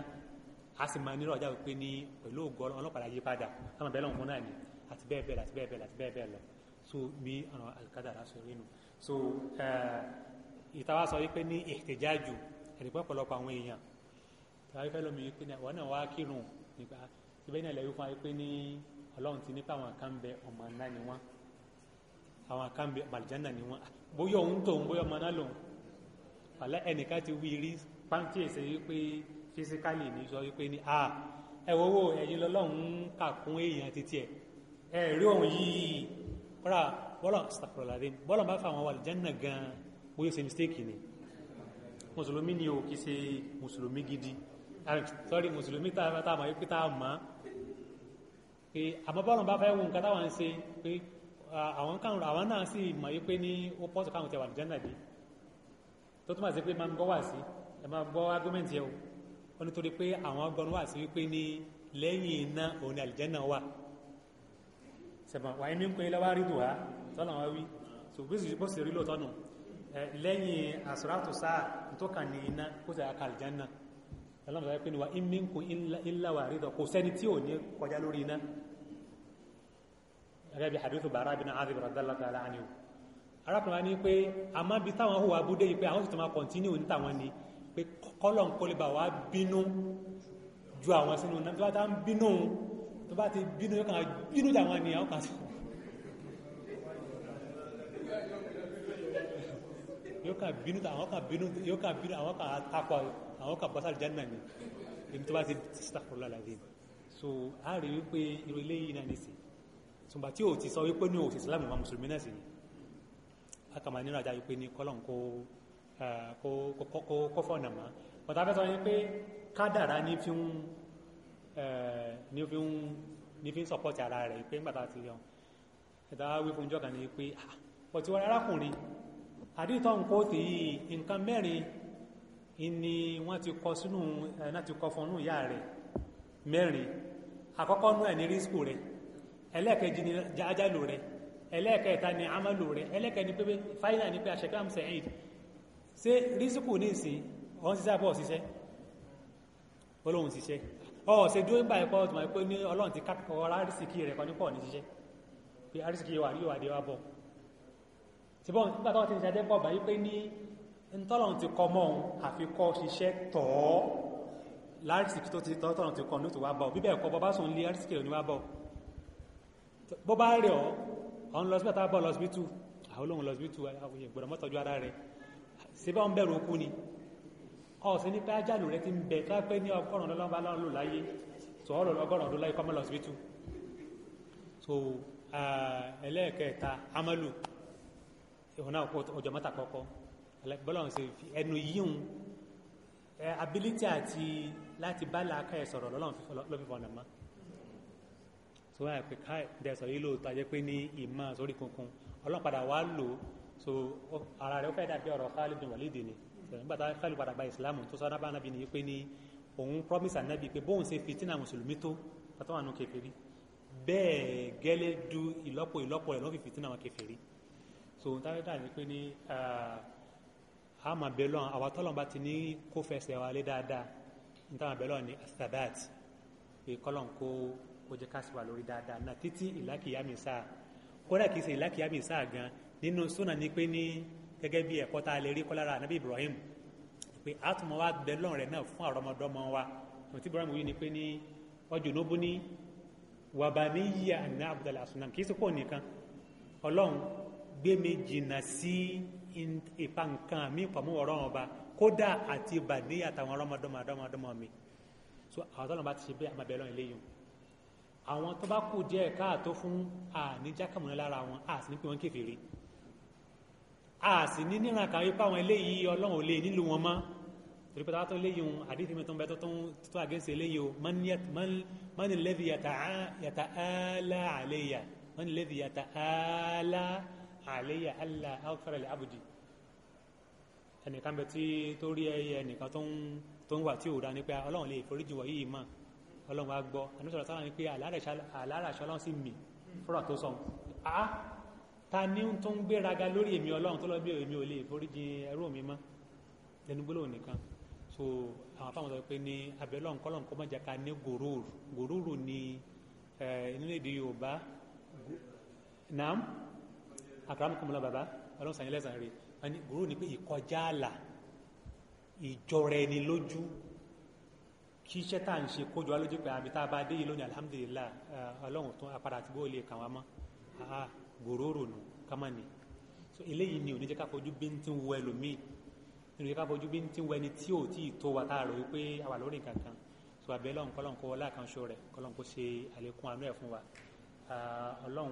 a sì máa nírọ̀ ọjà wípé ní pẹ̀lú ògùn ọlọ́pàá yí padà káwọn bẹ́ẹ̀ lọ́wọ́ fún náà ni àti bẹ́ẹ̀ bẹ́ẹ̀ àti bẹ́ẹ̀ bẹ́ẹ̀ àti bẹ́ẹ̀ bẹ́ẹ̀ lọ so bí ọ̀nà àlùkádàrá sọ rí nu so eh, ìtawá sọ wípé ní ìtẹ̀jájú ẹ̀dẹ̀pẹ́ ọ̀pọ̀lọpọ̀ àwọn èèyàn tàbí fẹ́ lómi pé náà wọ́n náà wá kírun nípa síbẹ̀ náà lẹ́yìn fún wa pé ní ọlọ́run ti nípa àwọn kan bẹ ọmọ náà ni wọ́n àwọn kan bẹ màlìjánà ni wọ́n bóyá òun tó òun bóyá ọmọ náà lòun àlẹ́ ẹnìkan ti wí rí pàǹtí ẹ̀sẹ̀ wípé fisikali ní sọ wípé ní a ẹ wọ́wọ́ ẹ̀yin lọ́lọ́run kà kún èèyàn títí ẹ̀ ẹ rí òun yìí kọ́ra bọ́lọ̀ sàkùrọ̀láde bọ́lọ̀ bá fa àwọn àlìjánà gan bóyá ṣe mistake ni mùsùlùmí ni o kì ṣe mùsùlùmí gidi Sorry mùsùlùmí táàmà yìí pété àmà pé àmọ́bọ́rùn bá fẹ́ wù nǹkan táwọn ń ṣe pé àwọn kan àwọn náà sì mọ̀ yìí pé ní ó pọ́sù káwọn ti wà ní jẹ́nà bí tó túmọ̀ sí pé máa ń gbọ́ wà sí ẹ máa gbọ́ ágúmẹ̀ntì ẹ o ó nítorí pé àwọn gbọ́n wà sí wípé ní lẹ́yìn iná òun ni àlìjẹ́nà wà sẹ̀mọ̀ wà ní pé lọ́wọ́ rí dùn tọ́nà wá wí so bí ó sì rí lóòótọ́ nù lẹ́yìn àsùrátù sáà tó kàn ní iná kó sì àkàlìjẹ́nà ẹlọ́mọ̀ sọ pé ni wà ìmínkù illa waridha kò sẹ́ni tí ò ní kọjá lórí iná gẹ́gẹ́ bí hadithu Bara bin Azib radallahu ta'ala anhu arákùnrin wa ní pé àmọ́ bí táwọn hùwà abúdé yìí pé àwọn sì tún máa kọ̀ntínú ní tàwọn ni pé kọ́lọ̀ ń kọ́lé bá wa bínú ju àwọn sínú náà tó bá ta ń bínú tó bá ti bínú yóò kàn bínú tàwọn ni àwọn kan sí. yóò kàn bínú tàwọn kan bínú yóò kàn bínú àwọn kan takọ̀ àwọn kà bọ́sà àlùjánnà ni èmi tó bá ti sàkóńlá làdé so a rí wípé irú eléyìí náà nìsí ṣùgbọ́n tí ò ti sọ wípé ní òsì islam ma mùsùlùmí náà sì ni a kà máa nínú àjà wípé ní kọ́lọ̀n kó kó fọ̀nà mọ́ bọ́tà fẹ́ sọ ni pé kádàrá ní fi ń ní fi ń ní fi ń sọpọ́tì ara rẹ̀ pé nígbà tá a ti yan ẹ̀dá wí fún ìjọ kan ni pé ọ̀tí ah, wọn arákùnrin àdìtọ̀ nǹkan ó ti yí nǹkan mẹ́rin ni wọ́n ti kọ sínú ẹ̀nà ti kọ fún ìyá àkọ́kọ́ nú ní rísíkù rẹ̀ ẹlẹ́ẹ̀kejì ni ni rẹ̀ ẹlẹ́ẹ̀kẹni pé ni pé àṣẹkẹ́ àmì sẹ́yìn ṣé ní ìsìn ọ̀hún ṣiṣẹ́ àbọ̀ ṣiṣẹ́ olóhùn ṣiṣẹ́ ọ̀ ṣe dúró nígbà ẹ̀kọ́ tó máa ní ọlọ́run ti kákọ̀ọ́ arísìkì rẹ̀ kan ní pọ̀ ní ṣiṣẹ́ pé arísìkì yóò wà yóò wà dé ntọ́lọ́run ti kọ mọ́ òun àfikọ́ ṣiṣẹ́ tọ̀ ọ́ lárísìkì tó ti tọ́ tọ́lọ́run ti kọ ní òtò wá bọ̀ bíbẹ̀ ẹ̀kọ́ bọ́bá sùn lé lárísìkì òní wá bọ̀ bó bá rẹ̀ ọ́ ọ̀n lọ síbẹ̀ tá a bọ̀ lọ síbí tù àwọn olóhùn lọ síbí tù àwòyẹ gbọ́dọ̀ mọ́tọ́jú ara rẹ̀ síbẹ̀ ń bọ́lọ́n ṣe fi ẹnu yíhun ẹ ability àti láti bá làákà ẹ̀ sọ̀rọ̀ lọ́lọ́n ló fi fọ̀nà mọ́ so wáyà pé ká dẹ̀sọ̀ yìí lóòótọ́ ajẹ́ pé ní ìmọ̀ sórí kunkun ọlọ́padà wá lò so ara rẹ̀ ó fẹ́ dàbí ọ̀rọ̀ Khalid bin Walid ni nígbà tá Khalid padà gba ìsìlámù tó sọ arábà nàbí ni pé ní òun promise ànábì pé bóun ṣe fìtínà mùsùlùmí tó pátá wà nù kèfèrí bẹ́ẹ̀ gẹ́lẹ́ du ìlọ́pọ̀ ìlọ́pọ̀ rẹ̀ ló fi fìtínà wọn kèfèrí so táwọn dáa ni pé ní ah, a máa bẹ lọ́n àwa tọ́lọ́n bá ti ní kó fẹsẹ̀ wa lé dáadáa ní táwọn bẹ lọ́n ní astabat pé kọ́lọ́n kó kó jẹ́ ká sì wà lórí dáadáa náà títí ìlàkìyà mi sáà kódà kìí ṣe ìlàkìyà mi sáà gan nínú súnà ni pé ní gẹ́gẹ́ bí ẹ̀kọ́ tá a lè rí kọ́ lára ànábì Ibrahim pé a tún mọ wá bẹ lọ́n rẹ̀ náà fún àrọ́mọdọ́mọ wa tí Ibrahim yìí ni pé ní ọjọ́ nóbú ní wàbàníyà àná abdul asunam kìí ṣe pọ̀ nìkan Ọlọ́run gbé mi jìnnà sí ìpankan mi pamọ́ ọ̀rọ̀ wọn ba kódà àti ìbàdí àtàwọn ọlọ́mọdọ́mọ ọdọ́mọdọ́mọ mi so àwọn tọ́lọ́mọba ti ṣe bẹ́ẹ̀ àmàbẹ̀lọ́ ilé yìí àwọn tó bá kù díẹ̀ káàtó fún àníjákàmùnà lára wọn a sì ní pé wọ́n kèfèrí a sì ní níran kan wípé àwọn eléyìí ọlọ́run ò lè nílùú wọn mọ́ torí pẹ̀lú àwọn eléyìí ohun àdéhùn tó ń bẹ tó tó àgẹ́sẹ̀ eléyìí o mọ́nìlẹ́dì yàtà áálá àléyà mọ́nìlẹ́dì yàtà áálá àléyà àlà alfred abudi ẹnìkan bẹ tí tó rí ẹyẹ ẹnìkan tó ń wà tí ò dá nípa ọlọ́run lè foríjì wọ̀ yìí mọ́ ọlọ́run wa gbọ́ àníṣọ́lá sáwọn ni pé àláràṣà ọlọ́run sì mì fúrọ̀ tó sọ a ta ni tó ń gbéraga lórí èmi ọlọ́run tó lọ bí èmi ò lè foríjì ẹrú mi mọ́ ẹnu gbólóhùn nìkan so àwọn afáwọn sọ pé ní abẹ́lọ́n kọ́lọ́n kọ́ mọ́jà ká ní gòrúurù gòrúurù ni nínú nam akaramukumula baba ọlọ́run sàn yín lẹ́sàn rè ẹni gòrò ni pé ìkọjá àlà ìjọra ẹni lójú kí iṣẹ́ tá à ń ṣe kójú wa lójú pé àbí tá a bá dé yìí lónìí alihamudulilayi eh, ọlọ́run tó apára àti bóyá ó lè kà wá mọ́ gòrò rònú ni so eléyìí ni òní jẹ́ ká fojú bí ń ti wọ ẹlòmíì nínú jẹ́ ká fojú bí ń ti wọ ẹni tí ò tí ì tó wa tá a rò wípé àwà lórí nǹkan kan so àbẹ́ lọ́nkọ́lọ́nkọ́ wọlé àkànṣe rẹ̀ kọ́lọ́nkọ́ ṣe àlékún àánú ẹ̀ fún wa ọlọ́run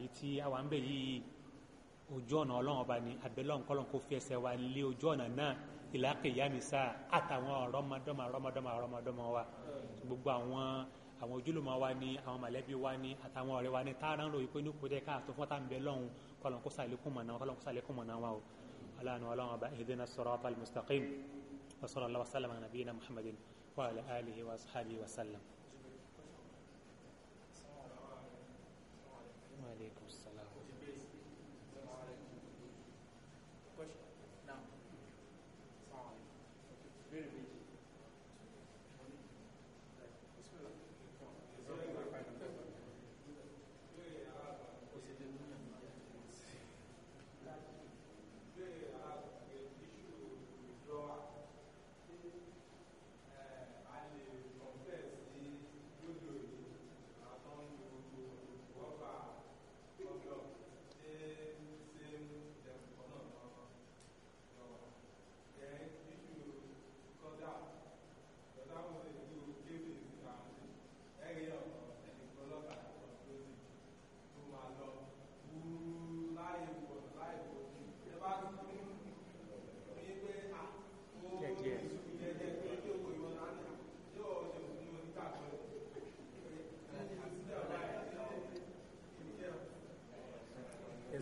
yìí tí àwa ń bẹ̀ yìí ojú ọ̀nà ọlọ́run ọba ni àbẹ̀lọ́run kọ́lọ́n kó fi ẹsẹ̀ wa lé ojú ọ̀nà náà ìlàkè yamisa àtàwọn ọ̀rọ̀mọdọ́mọ ọ̀rọ̀mọdọ́mọ ọ̀rọ̀mọdọ́mọ wa gbogbo àwọn àwọn ojúlùmọ̀ wa ni àwọn mọ̀lẹ́bí wa ni àtàwọn ọ̀rẹ́ wa ni táàrán ròyìn pé ní kò dé káàtó fún táǹbẹ̀ lọ́hùn kọ́lọ́n kó sàlékún mọ̀nà kọ́lọ́n kó sàlékún mọ̀nà wa o sallam ala nabiyina muhammadin wa ala alihi wa ashabihi wa sallam. Assalamu alaikum.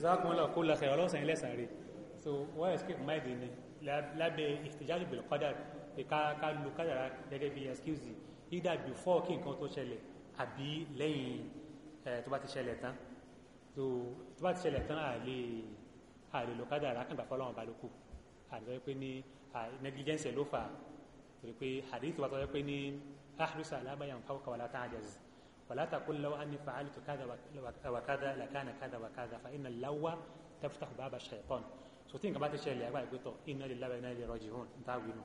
jazakumullahu kulla khair ọlọ́sàn ilẹ̀ sàn rè so wọ́n escape mind ni lábẹ́ ihtijaj bil qadar ká ká lu kádàrá gẹ́gẹ́ bí excuse either before kí nǹkan tó ṣẹlẹ̀ àbí lẹ́yìn tó bá ti ṣẹlẹ̀ tán so tó bá ti ṣẹlẹ̀ tán àlè àlè lu kádàrá kàgbà fọlọ́wọ́n balùkù àlè pé ní negligence ló fà torí pé hadith wà tó yẹ pé ní ahrisa alábàyàn fáwọn kàwálà tán àjẹsí ولا تقل لو أني فعلت كذا وكذا لكان كذا وكذا فإن اللوى تفتح باب الشيطان so tí nǹkan bá ti ṣẹlẹ̀ àgbà ìpẹ́tọ̀ iná lè lábẹ́ iná lè rọjì hàn dáwìnú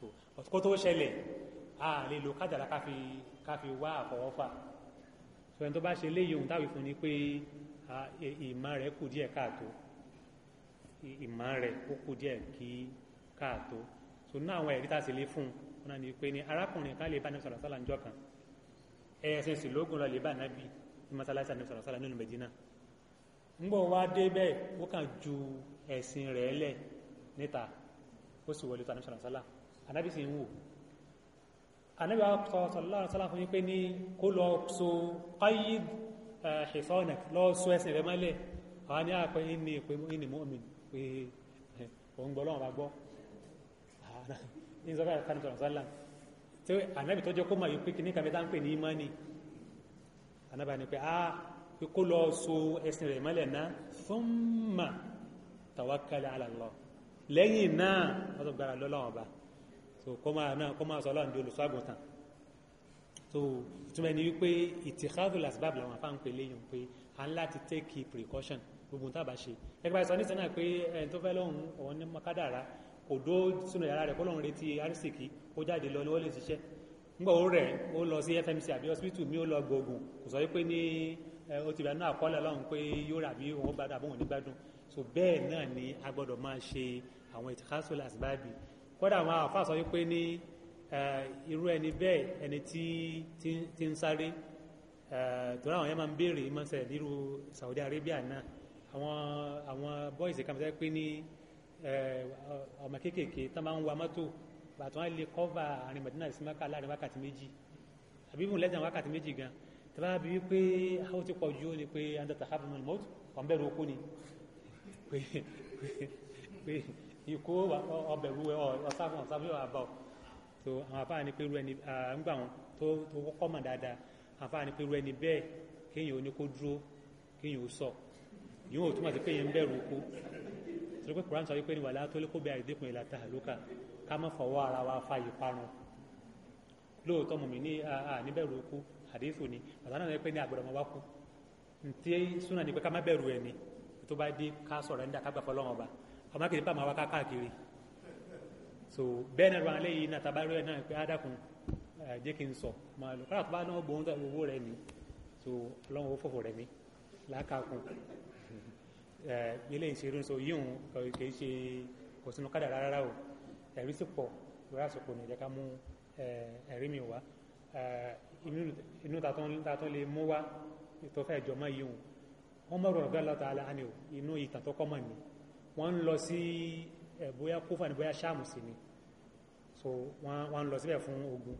so but kó tó ṣẹlẹ̀ a lè lo kádàrá ká fi wá àfọwọ́fà so ẹni tó bá ṣe léyìí ohun táwì fún ni pé ìmọ̀ rẹ̀ kù díẹ̀ káàtó ìmọ̀ rẹ̀ ó kù díẹ̀ kí káàtó so náà àwọn ẹ̀rí tá a sì lè fún un náà ni pé ni arákùnrin kan lè bá ní sọ̀rọ̀ sọ́lá ń jọ kan ẹ̀ẹ́sẹ̀ sì lóògùn lọ lè bá nábì ní masalasi àti sọ̀rọ̀ sálà nínú Medina ń gbọ́ wá dé bẹ́ẹ̀ ó kàn ju ẹ̀sìn rẹ̀ lẹ̀ níta ó sì wọlé tó àti sọ̀rọ̀ sálà ànábì sì ń wò ànábì wa sọ sọ̀rọ̀ sálà fún yín pé ní kó lọ so qayyid ṣèṣọ́nà lọ so ẹ̀sìn rẹ̀ mọ́lẹ̀ àwọn ní àpẹ ìní pé ìní mu'min pé òun gbọ́ lọ́wọ́ bá gbọ́ ṣé ànábì tó jẹ́ kó mọ̀ yìí pé kí ní kàmí tá ń pè ní imani ànábì ni pé a pé kó lọ so ẹsìn rẹ̀ mọ́lẹ̀ náà thumma tawakkal ala Allah lẹ́yìn náà wọ́n tó gbára lọ́lọ́wọ́n ọba so kó máa náà kó máa sọ ọlọ́run di olùṣọ́àgùntàn so ìtumọ̀ ẹni wípé ìtìkádùn làsbáàbù làwọn afá ń pè léyìn pé a ń láti take precaution gbogbo tá a bá ṣe ẹgbẹ́ sọ nísìnyí náà pé ẹni tó fẹ́ lóhun òun ní mọ́kádàrá kò dó sínú yàrá rẹ̀ kọ́lọ́run retí arísìkí ó jáde lọ ni ó lè ṣiṣẹ́ nígbà ó rẹ̀ ó lọ sí FMC àbí hospital mi ó lọ gbòògùn kò sọ pé ní ó ti rà náà àkọọ́lẹ̀ ọlọ́run pé yóò rà bí òun gbádùn àbóhùn nígbádùn so bẹ́ẹ̀ náà ni a gbọ́dọ̀ máa ṣe àwọn ìtìkásó làsìbáàbì kódà àwọn àfáà sọ wípé ní irú ẹni bẹ́ẹ̀ ẹni tí ń sáré tòun àwọn yẹn máa ń béèrè máa ń nírú Saudi Arabia náà àwọn àwọn bọ́ìsì kan fẹ́ pé ní ọmọ kéékèèké tó máa ń wa mọ́tò bàtà wọn lè kọ́va àrìn mọ̀dínà sí mọ́kà láàrin wákàtí méjì àbí ìbùn lẹ́jàn wákàtí méjì gan tó bá bí wípé ah, ó ti pọ̀ ju ó ní pé andata half moon mọ́tò ọ̀n bẹ̀rù okó ni pé pé ikú ọbẹ̀ wúwẹ́ ọ̀sáfún ọ̀sáfún yóò àbọ̀ tó àwọn afáàní pé irú ẹni ńgbà wọn tó kọ́kọ́ mọ̀ dáadáa àfáàní pé irú ẹni bẹ́ẹ̀ kéèyàn ò ní kó dúró kéèyàn ò sọ yóò túmọ̀ sí pé yẹn ń bẹ̀rù okó torí pé Quran sọ wípé ni wàlá tó lé kó bẹ àìdínkù ìlà tàlùkà ká má fọwọ́ ara wa fa ìparun lóòótọ́ mọ̀mí ní àníbẹ̀rù kú àdéhùn ni bàtà náà pé ní àgbẹ̀rẹ̀ ọmọ wa kú ntí súnà ni pé ká má bẹ̀rù ẹ̀ ni tó bá dé ká sọ̀rọ̀ ẹ̀ńdà ká gbà fọlọ́wọn ọba ọmọ kìí pàmò àwa ká káàkiri so bẹ́ẹ̀ náà ran lẹ́yìn náà tabarú ẹ̀ náà pé ádàkùn jẹ́ kí n sọ máa lọ kọ́lá tó bá náà gbóhùn owó rẹ̀ ni so ọlọ́run ó fòfò rẹ̀ ni lákàkùn ilé ìṣerú ń so yíhun kì í ṣe kò sínú kádàrá rárá o ẹ̀rí sì pọ̀ lórí àsopò ní ìjẹ́ká mú ẹ̀rí mi wá inú ta tó lè mú wá tó fẹ́ jọmọ́ yíhun wọ́n mọ̀rọ̀ ọ̀gá lọ́ta aláàánú inú ìtàn tó kọ́mọ̀ ni wọ́n ń lọ sí bóyá kófà ní bóyá sáàmù sí ni so wọ́n ń lọ síbẹ̀ fún ogun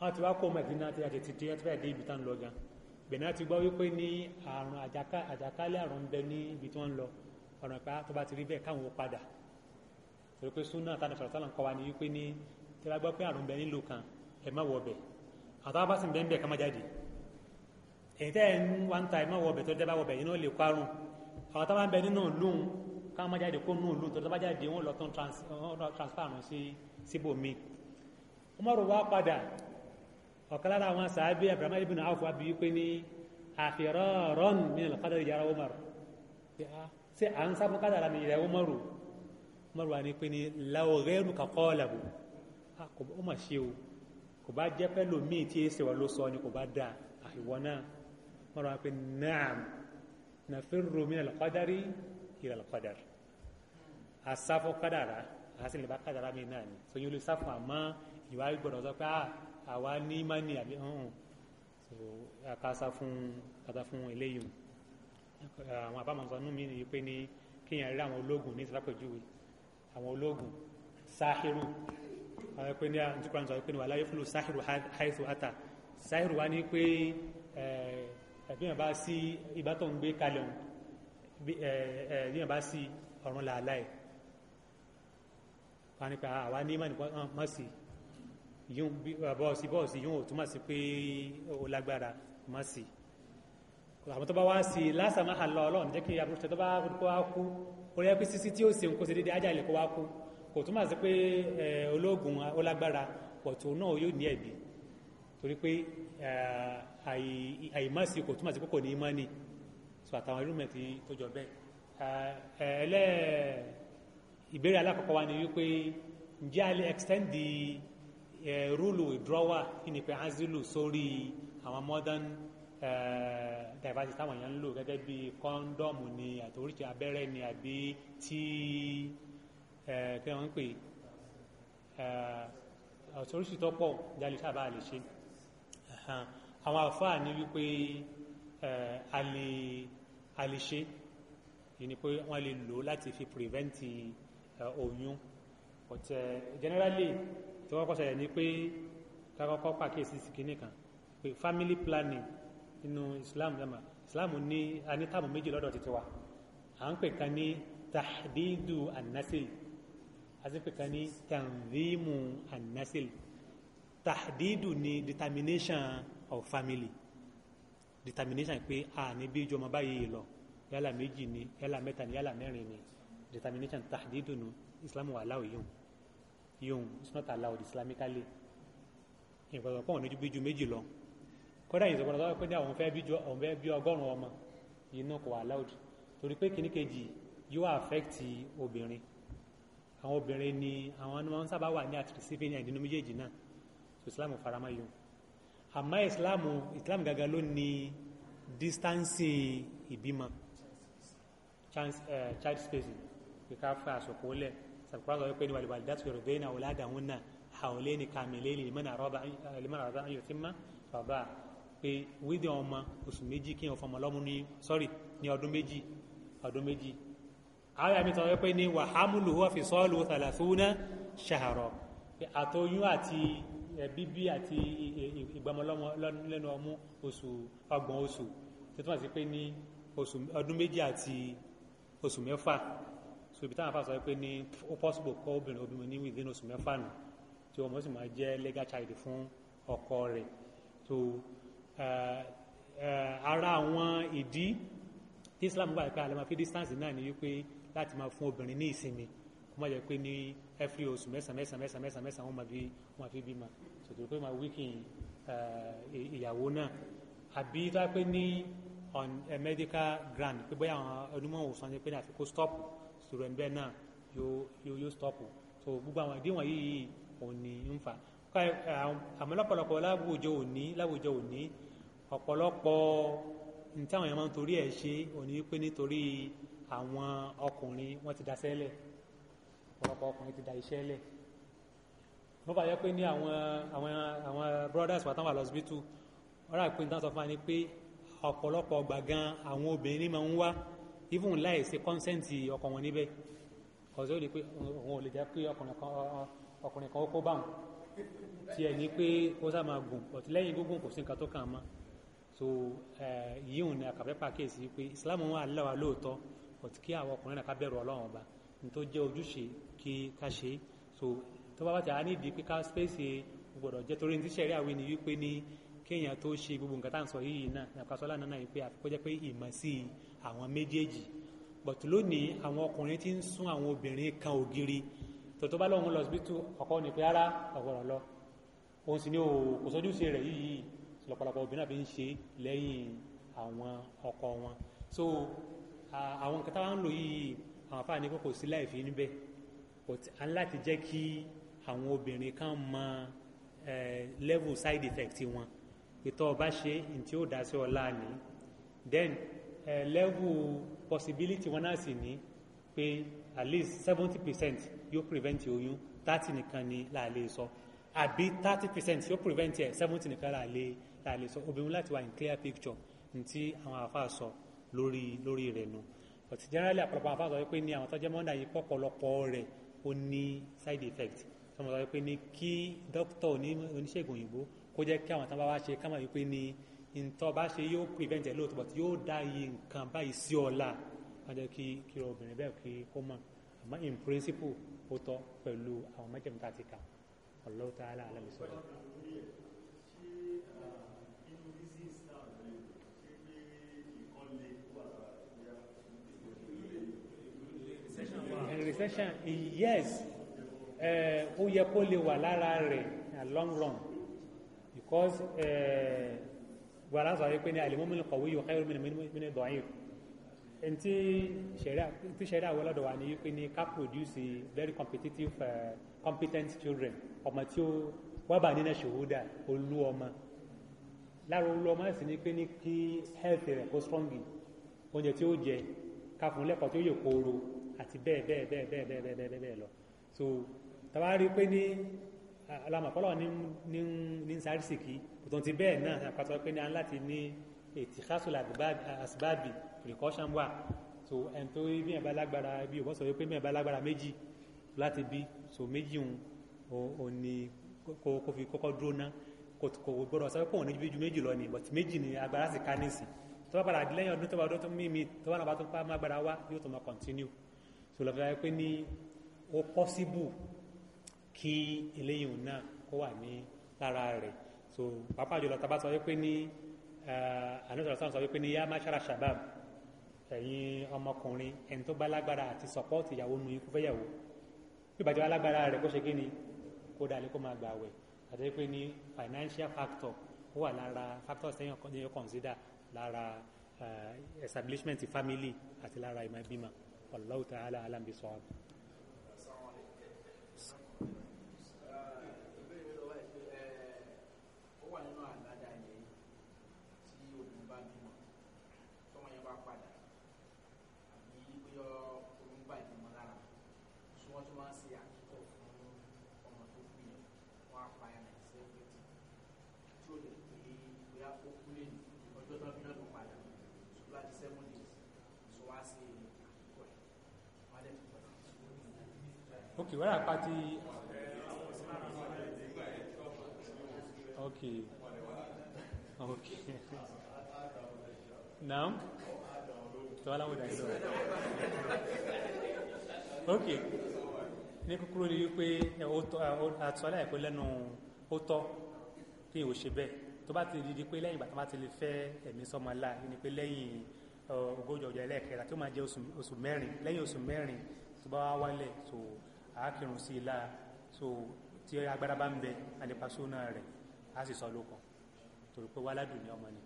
wọ́n ti wá kó mẹ́tìrínà tí a ti ti dé ibi tá ń lọ gan-an gbẹ̀nà ti gbọ́ wípé ní àrùn àjàkálẹ̀ àrùn ń bẹ ní ibi tí wọ́n ń lọ ọ̀nà ìpá tó bá ti rí bẹ́ẹ̀ káwọn ó padà torí pé súnà tánà sọ̀rọ̀ sálà ń kọ́ wa ní wípé ní tí wọ́n gbọ́ pé àrùn ń bẹ nílò kan ẹ má wọ ọbẹ̀ àtàwọn bá sì ń bẹ ń bẹ ká má jáde èyí tẹ́ ẹ̀ ń wá ń ta ẹ má wọ ọbẹ̀ tó dẹ́ bá wọ ọbẹ̀ yìí náà lè kó àrùn àwọn táwọn transfer àrùn sí síbòmí. Umaru wá ọ̀kan lára àwọn sàábé abdulhamid ibn awf abi wípé ní àfẹ́rọ́rọ́n min al-qadari yàrá umar ah, ṣé à ń sábọ́n kádàrà ní ìrẹ̀ umar umar wà ní pé ní law ghayruka qalahu ó mà ṣe o kò bá jẹ́ pẹ́ lòmíì tí èsì wà ló sọ ni kò bá dà àìwọ́ náà umar wà pé naam nafirru min al-qadari ila al-qadar àsáfọ́ kádàrà àsìlè bá kádàrà mi náà ni sọ yín olùsáfọ́ àmọ́ ìwà gbọ́dọ̀ sọ pé ah àwa ní mani àbí hàn so àkàsà fún kàtà fún eléyìí àwọn àbámọ̀sánú mi ni pé ní kéèyàn rí àwọn ológun ní ìsìlápẹ̀júwe àwọn ológun sáhírù àwọn ẹgbẹ́ ní àtúkọ̀rọ̀ sọ pé ní wà láyé fúlù sáhírù haithu ata sáhírù wá ní pé ẹ̀bí yàn bá sí ìbá tó ń gbé kalẹ̀ ọ̀hún ẹ̀bí yàn bá sí ọ̀run làálàá ẹ̀ wọ́n pé àwa ní mọ̀ sí i yóò bọ́ọ̀sì bọ́ọ̀sì yóò túmọ̀ sí pé ó lágbára má sí àwọn tó bá wá sí lásàmà àlọ ọlọ́run jẹ́ kí abúrúṣe tó bá kó wá kú orí ẹ pé sísí tí ó ṣe ń kó ṣe dédé ájàlẹ̀ kó wá kú kò túmọ̀ sí pé ológun ó pọ̀tù náà yóò ní ẹ̀bí torí pé àìmọ́sí kò túmọ̀ sí pé kò ní mọ́ ni sọ àtàwọn irúmẹ̀tì tó jọ bẹ́ẹ̀ ẹlẹ́ ìbéèrè alákọ̀ọ́kọ́ wa ni wípé ǹjẹ́ a lè extend the rúlù ìdúrọ́wà ní pé azilu sórí àwọn modern diversity táwọn èèyàn ń lò gẹ́gẹ́ bí kọ́ńdọ́ọ̀mù ni àti oríṣi abẹ́rẹ́ ni àbí tí kí wọ́n ń pè ọ̀tọ̀ oríṣi tó pọ̀ jalè sábà lè ṣe àwọn àfáà ní wípé a lè ṣe ni pé wọ́n lè lò láti fi prevent oyún but uh, generally tó kọ́kọ́ ṣẹlẹ̀ ni pé kakọ́kọ́ pàkíyèsí sìkínì kan pé family planning nínú islam yàmà islam ní anítàmù méjì lọ́dọ̀ títí wa à ń pè kan ní tahdidu anasil, a sì pè kan ní tanzimu annasil tahdidu ni determination of family determination pé a ní bí ìjọba báyìí lọ yálà méjì ni yálà mẹ́ta ni yálà mẹ́rin ni determination tahdidu nu islam wà láwùjọ yòówù it's not allowed islamically ìfọwọ́sọ pọ̀ níjú bíjú méjì lọ kódà ìṣòkòrò tó pé ní àwọn fẹ́ bíjú àwọn fẹ́ bí ọgọ́rùn ọmọ iná kò allowed torí pé kìíní kejì yóò affect obìnrin àwọn obìnrin ni àwọn ọmọ wọn sábà wà ní àti receiving end nínú méjèèjì náà so islam faramá yòówù àmọ́ islam islam gàgà ló ní distancing ìbímọ eh, child spacing kíkà fún àsopọ̀ lẹ́ẹ̀ sàkúrà sọ pé wàlúwà dátù yorùbá iná wòlá àdàwọn náà hàwọlé ni kàmílé lèmọ́nà àrọ́bà ayọ̀ tí má bàbá pé wídìí ọmọ oṣù méjì kí ọfọmọ lọ́mú ní sọ́rí ní ọdún méjì ọdún méjì àwọn àmì sọ pé ní wàhámùlù wọ́n fi sọ́ọ̀lù tàlàfúnà ṣàhàrọ̀ àtọyún àti bíbí àti ìgbàmọlọ́mọ lẹ́nu ọmú oṣù ọgbọ̀n oṣù tó túmọ̀ sí pé ní ọdún méjì àti oṣù mẹ́fà so ibi táwọn afáàsọ pé ní ó possible kọ obìnrin obìnrin ní within oṣù mẹ́fà nù tí ọmọ sì máa jẹ́ legal child fún ọkọ rẹ̀ so ara àwọn ìdí tí Islam gbà pé alẹ́ máa fi distance náà ni wípé láti máa fún obìnrin ní ìsinmi kó má jẹ́ pé ní every oṣù mẹ́sàn mẹ́sàn mẹ́sàn mẹ́sàn mẹ́sàn wọ́n máa fi wọ́n fi bímọ sòtò pé máa wíkì ìyàwó náà àbí tó pé ní on a medical ground pé bóyá àwọn onímọ̀ òsàn ni pé ní àfikún stop sọ̀rọ̀ ẹ̀ bẹ́ẹ̀ náà yóò yóò yóò so gbogbo àwọn ìdí wọ̀nyí yìí òní ń fà àmọ́ lọ́pọ̀lọpọ̀ láwùjọ òní láwùjọ òní ọ̀pọ̀lọpọ̀ ní táwọn èèyàn máa ń torí ẹ̀ ṣe òní wípé nítorí àwọn ọkùnrin wọ́n ti daṣẹ́ lẹ̀ ọ̀pọ̀lọpọ̀ ọkùnrin ti da iṣẹ́ lẹ̀ mo bá yẹ pé ní àwọn àwọn àwọn brothers wa tán wà lọ́sibítù ọ̀rọ̀ àpè ní táwọn sọ fún wa ni pé ọ̀pọ̀lọpọ̀ gbàgán àwọn obìnrin máa ń wá even láì ṣe kọ́nsẹ́ǹtì ọkọ wọn níbẹ̀ kọ̀ọ̀sẹ́ ó lè pé òun ò lè jẹ́ pé ọkùnrin kan ó kó báwọn tí ẹ̀ ní pé ó sá máa gùn ọ̀tí lẹ́yìn gúngùn kò sí nǹkan tó kàn mọ́ so yìí òun ni àkàfẹ́ pàkíyèsí pé Islam wọn aláwa lóòótọ́ ọ̀tí kí àwọn ọkùnrin náà ká bẹ̀rù Ọlọ́run ọba ní tó jẹ́ ojúṣe kí ká ṣe so tó bá bá ti à ní ìdí pé ká spéèsì gbọ́dọ̀ jẹ́ torí ní tíṣẹ̀rí àwìn ni wípé ní kéèyàn tó ṣe gbogbo nǹkan tá à ń sọ yìí náà nàkàsọ́lá náà yìí pé àfikún jẹ́ pé ìmọ̀ sí àwọn méjèèjì but lónìí àwọn ọkùnrin ti ń sún àwọn obìnrin kan ògiri tòtó bá lóun lọ síbítù ọkọ ní pé ara ọ̀gọ̀rọ̀ lọ òun sì ni kò sójú ṣe rẹ̀ yìí lọ́pọ̀lọpọ̀ obìnrin náà ń ṣe lẹ́yìn àwọn ọkọ wọn so àwọn nǹkan táwọn ń lò yìí àwọn afáàní kò kò sí láì níbẹ̀ but a ní láti jẹ́ kí àwọn obìnrin kan mọ level side effect wọn ìtọ́ ọba ṣe ntí ó dá sí ọlá ni then uh, level possibility wọn náà sì ní pé at least seventy percent yóò prevent oyún thirty nìkan ni là lè sọ àbí thirty percent yóò prevent ẹ seventy nìkan là lè là lè sọ obìnrin láti wà in clear picture ntí àwọn afa sọ lórí lórí rẹ̀ nù but generally àpọ̀lọpọ̀ afa sọ pé ní àwọn tọ́jú mọ́ndà yìí pọ̀pọ̀lọpọ̀ rẹ̀ ó ní side effect sọmọ sọ pé ní kí dókítà oníṣègùn òyìnbó kó jẹ́ kí àwọn tán bá wá ṣe ká mọ̀ wípé ni ntọ́ bá ṣe yóò prevent ẹ̀ lóòótọ́ but yóò dá iye nǹkan báyìí sí ọ̀la wọ́n jẹ́ kí kí obìnrin bẹ́ẹ̀ kí ó mọ̀ àmọ́ in principle ó tọ́ pẹ̀lú àwọn mẹ́jẹ̀mẹ́ta ti kà Allahu ta'ala alam bisawab. and recession yes eh, ó yẹ kó lè wà lára rẹ̀ long run cause eh, wàrà sọ wípé ní àlèmọ́mí ní kọ̀wé yóò káyọ̀rọ̀ mìíràn dọ̀yìn ntí sẹ̀rí àwọn ọlọ́dọ̀ wà ní wípé ní ká produce very competitive uh, competent children ọmọ tí ó wọ́n bá nínú ṣòwúdà olú ọmọ lára olú ọmọ sì ni pé ní kí health rẹ̀ kó strong oúnjẹ tí ó jẹ ká fún tí ó yẹ kóró àti bẹ́ẹ̀ bẹ́ẹ̀ bẹ́ẹ̀ bẹ́ẹ̀ bẹ́ẹ̀ bẹ́ẹ̀ bẹ́ẹ̀ lọ so tàbá rí pé alamọ̀pọ̀lọ̀ ni ni tó ti bẹ́ẹ̀ náà àpàtọ̀ pé ní a láti ní ètì kásùlà àsìbáàbì precaution wà so ẹn tó rí bí ẹ̀ bá lágbára bí ò bọ́ sọ pé bí ẹ̀ bá lágbára so méjì òun ni kó fi kọ́kọ́ dúró ná kò gbọ́dọ̀ sọ pé òun ju méjì lọ ni but méjì ni agbára sì ká nísì tó bá padà lẹ́yìn ọdún tó bá ọdún tó mímí tó bá náà bá tó pa má agbára wá yóò continue so lọ́fẹ́ pé ní ó possible kí eléyìí náà kó wà ní lára rẹ̀ so pàápàá jùlọ tá a bá sọ wípé ní ànúṣọ̀rọ̀ sáà sọ wípé ní yá máṣára shabab ẹ̀yin ọmọkùnrin ẹni tó bá lágbára àti sọ̀pọ́ọ̀tì ìyàwó nu ikú fẹ́yàwó bí ìbàjẹ́ alágbára rẹ̀ kó ṣe kí ni kó dalẹ̀ kó máa gbààwẹ̀ àti wípé ní financial factor ó wà lára factors tẹ́yìn consider lára establishment family àti lára ìmọ̀ ẹbí mọ̀ Allahu ta'ala alam bisawab. okay where are party okay okay now tọ́lá wò dájú okay ní kúkúrú ni wípé àtúwálá ẹ̀kọ́ lẹ́nu ó tọ́ kí n ò ṣe bẹ́ẹ̀ tó bá ti di di pé lẹ́yìn ìgbà tó bá ti lè fẹ́ ẹ̀mí sọmọ ńlá ni pé lẹ́yìn eh, ogójì ọjọ́ ẹlẹ́ẹ̀kẹta tó máa jẹ́ oṣù mẹ́rin lẹ́yìn oṣù mẹ́rin tó bá wá wálẹ̀ tó. So, àákìrùn sí ilá so tí agbára bá ń bẹ alẹ́pàṣọ́nà rẹ̀ á sì sọ lókàn torí pé wàhálà ní ọmọ ni.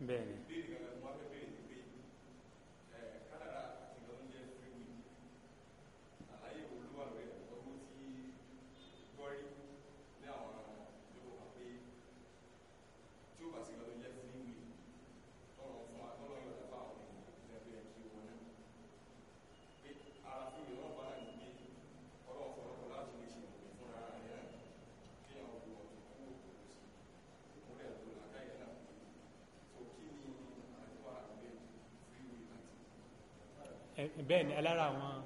Bene. 誒，ben，阿拉話，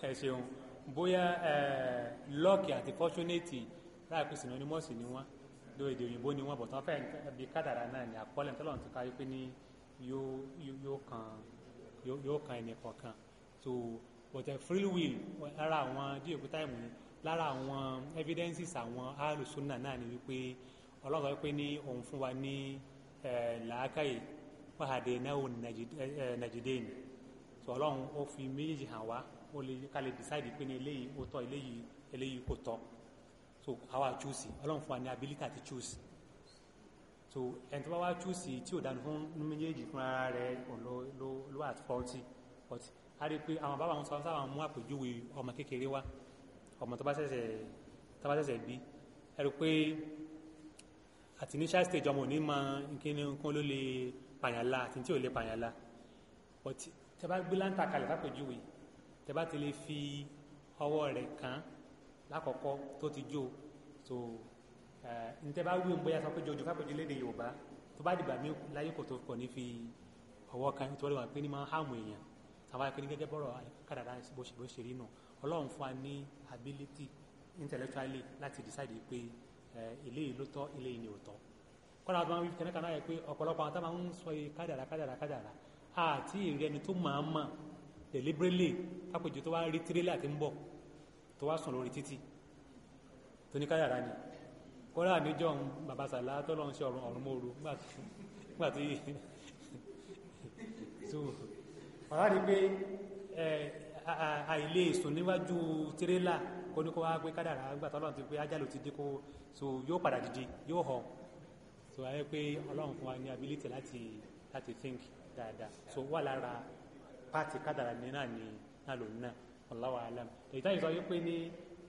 誒，少，唔要誒。lọ́ọ̀kì àti fọ́ṣúnéètì láìpẹ́ sinonimọ́ọ̀sì ni wọ́n lórí èdè òyìnbó ni wọ́n bọ̀ tán fẹ́ẹ̀ bí kádàrá náà ni àkọọ́lẹ̀ tọ́lọ́run ti kárí pé ní yóò kan yóò kọ̀ọ̀kan so but a free will lára àwọn díẹ̀ pé táìmù ni lára àwọn evidences àwọn alùsùnà náà ni wípé ọlọ́run wípé ní òun fún wa ní làákàyè pàdé náà nàìjíríà ni so ọlọ́run ó fi méjèèjì hàn wá ó lè ká decide pé ní eléyìí ó tọ́ eléyìí eléyìí kò tọ́ so àwa choose ọlọ́run fún wa ní ability àti choose. so ẹni tó bá wá chúùsì tí ò dánu fún méjèèjì fún ara rẹ̀ ló ló ló at forty but a rí i pé àwọn bàbá wọn sọ sábà mú àpèjúwe ọmọ kékeré wa ọmọ tó bá ṣẹ̀ṣẹ̀ tó bá ṣẹ̀ṣẹ̀ bí ẹ rí i pé àti initial stage ọmọ òní mọ nkíni nǹkan ló lè pààyàn la àti tí ò lè pààyàn la but tẹ bá gbé láǹtà kalẹ̀ fàpèjúwe tẹ bá ti lè fi ọwọ́ rẹ̀ kàn án lákọ̀ọ́kọ́ tó ti jó so ǹtẹ́ bá wí bóyá sọ pé jojú fápẹ́jọ léde Yorùbá tó bá dìgbà mí láyé kò tó kọ̀ ní fi ọwọ́ kan tó wà pé ní máa hàmù èèyàn àwọn akẹ́ni gẹ́gẹ́ bọ́rọ̀ kádàrá bó ṣe bó ṣe rí nù Ọlọ́run fún wa ní ability intellectually láti decide pé eléyìí ló tọ́ eléyìí ni ò tọ́ kọ́nà àti máa ń wí kẹ́nẹ́kan náà yẹ pé ọ̀pọ̀lọpọ̀ àwọn táwọn ń sọ yìí kádàrá kádàrá kádàrá àti èrè ẹni tó máa ń mọ̀ deliberately kápẹ́jọ tó wá rí tirẹ́lẹ̀ àti ń bọ̀ tó wá sùn lórí títì tó ní káyàrá ni kọ́lá àníjọ́ ń bàbá sàlá ń ṣe ọ̀run ọ̀run mòru nígbà so ọ̀rá rí pé àìlè sùn níwájú tirẹ́là kó ní kó wá pé kádàrá nígbà tọ́lọ́ ti pé ájálù ti dín kó so yóò padà dìde yóò hàn so ayé pé ọlọ́run fún wa ní ability láti láti think dáadáa so wà lára pàtì kádàrá ní náà ní náà lòun náà Allahu alam èyí táyì sọ wípé ní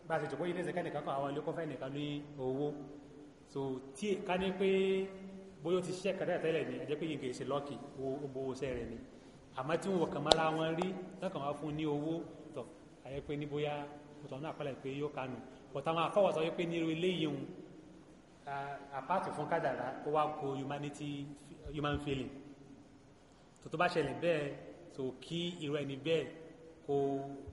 bá a ṣe jòkó yìí ní ìsìnkẹ́ nìkan kan àwọn ilé kọ́fẹ́ nìkan ní owó so tí ká ní pé bóyá ó ti ṣiṣẹ́ kàdá tẹ́lẹ̀ ni ẹ̀jẹ̀ pé yìí kìí ṣe lọ́ọ̀kì owó iṣẹ́ rẹ̀ ni àmọ́ tí wọn kàn mára wọn rí lọ́kàn wọn fún ní owó tọ̀ àyẹ̀ pé ní bóyá ọ̀tọ̀ náà pẹ̀lẹ́ pé yóò kanu ọ̀tọ̀ àwọn afọwọ́ sọ wípé ní irú eléyìí hun apáàtì fún kádàrá ó wá kó humanity human feeling tó tó bá ṣẹlẹ̀ bẹ́ẹ̀ So kí irú ẹni bẹ́ẹ̀ kó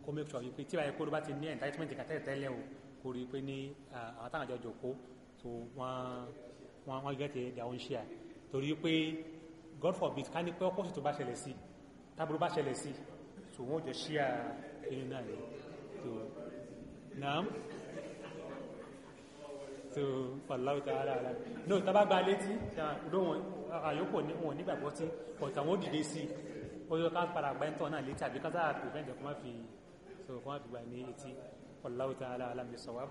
kó make sure wípé tí báyìí kó ló bá ti ní entitlement kàtẹ́ tẹ́lẹ̀ o kó rí i pé ní àwọn táwọn àjọ jòkó so wọ́n wọ́n wọ́n get their own share torí pé God forbid ká ní pé ọkọ̀ tó bá ṣẹlẹ̀ sí tábúrò bá ṣẹlẹ̀ sí so wọ́n jọ share inú náà ni so naam so fàlàwù tí ara rẹ̀ no tábà gba létí àyókò wọn nígbàgbọ́ tí ọ̀tàwọn ò dìde sí i ó yọ ká padà gba ẹ̀ńtọ́ náà létí àbí kásá prevent ẹ̀kọ́ má fi so kó má fi gba ní etí wallahu ta'ala alam bisawab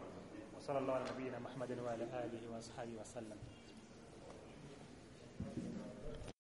wa sallallahu ala nabiyyina muhammadin wa alihi wa sahbihi wa sallam.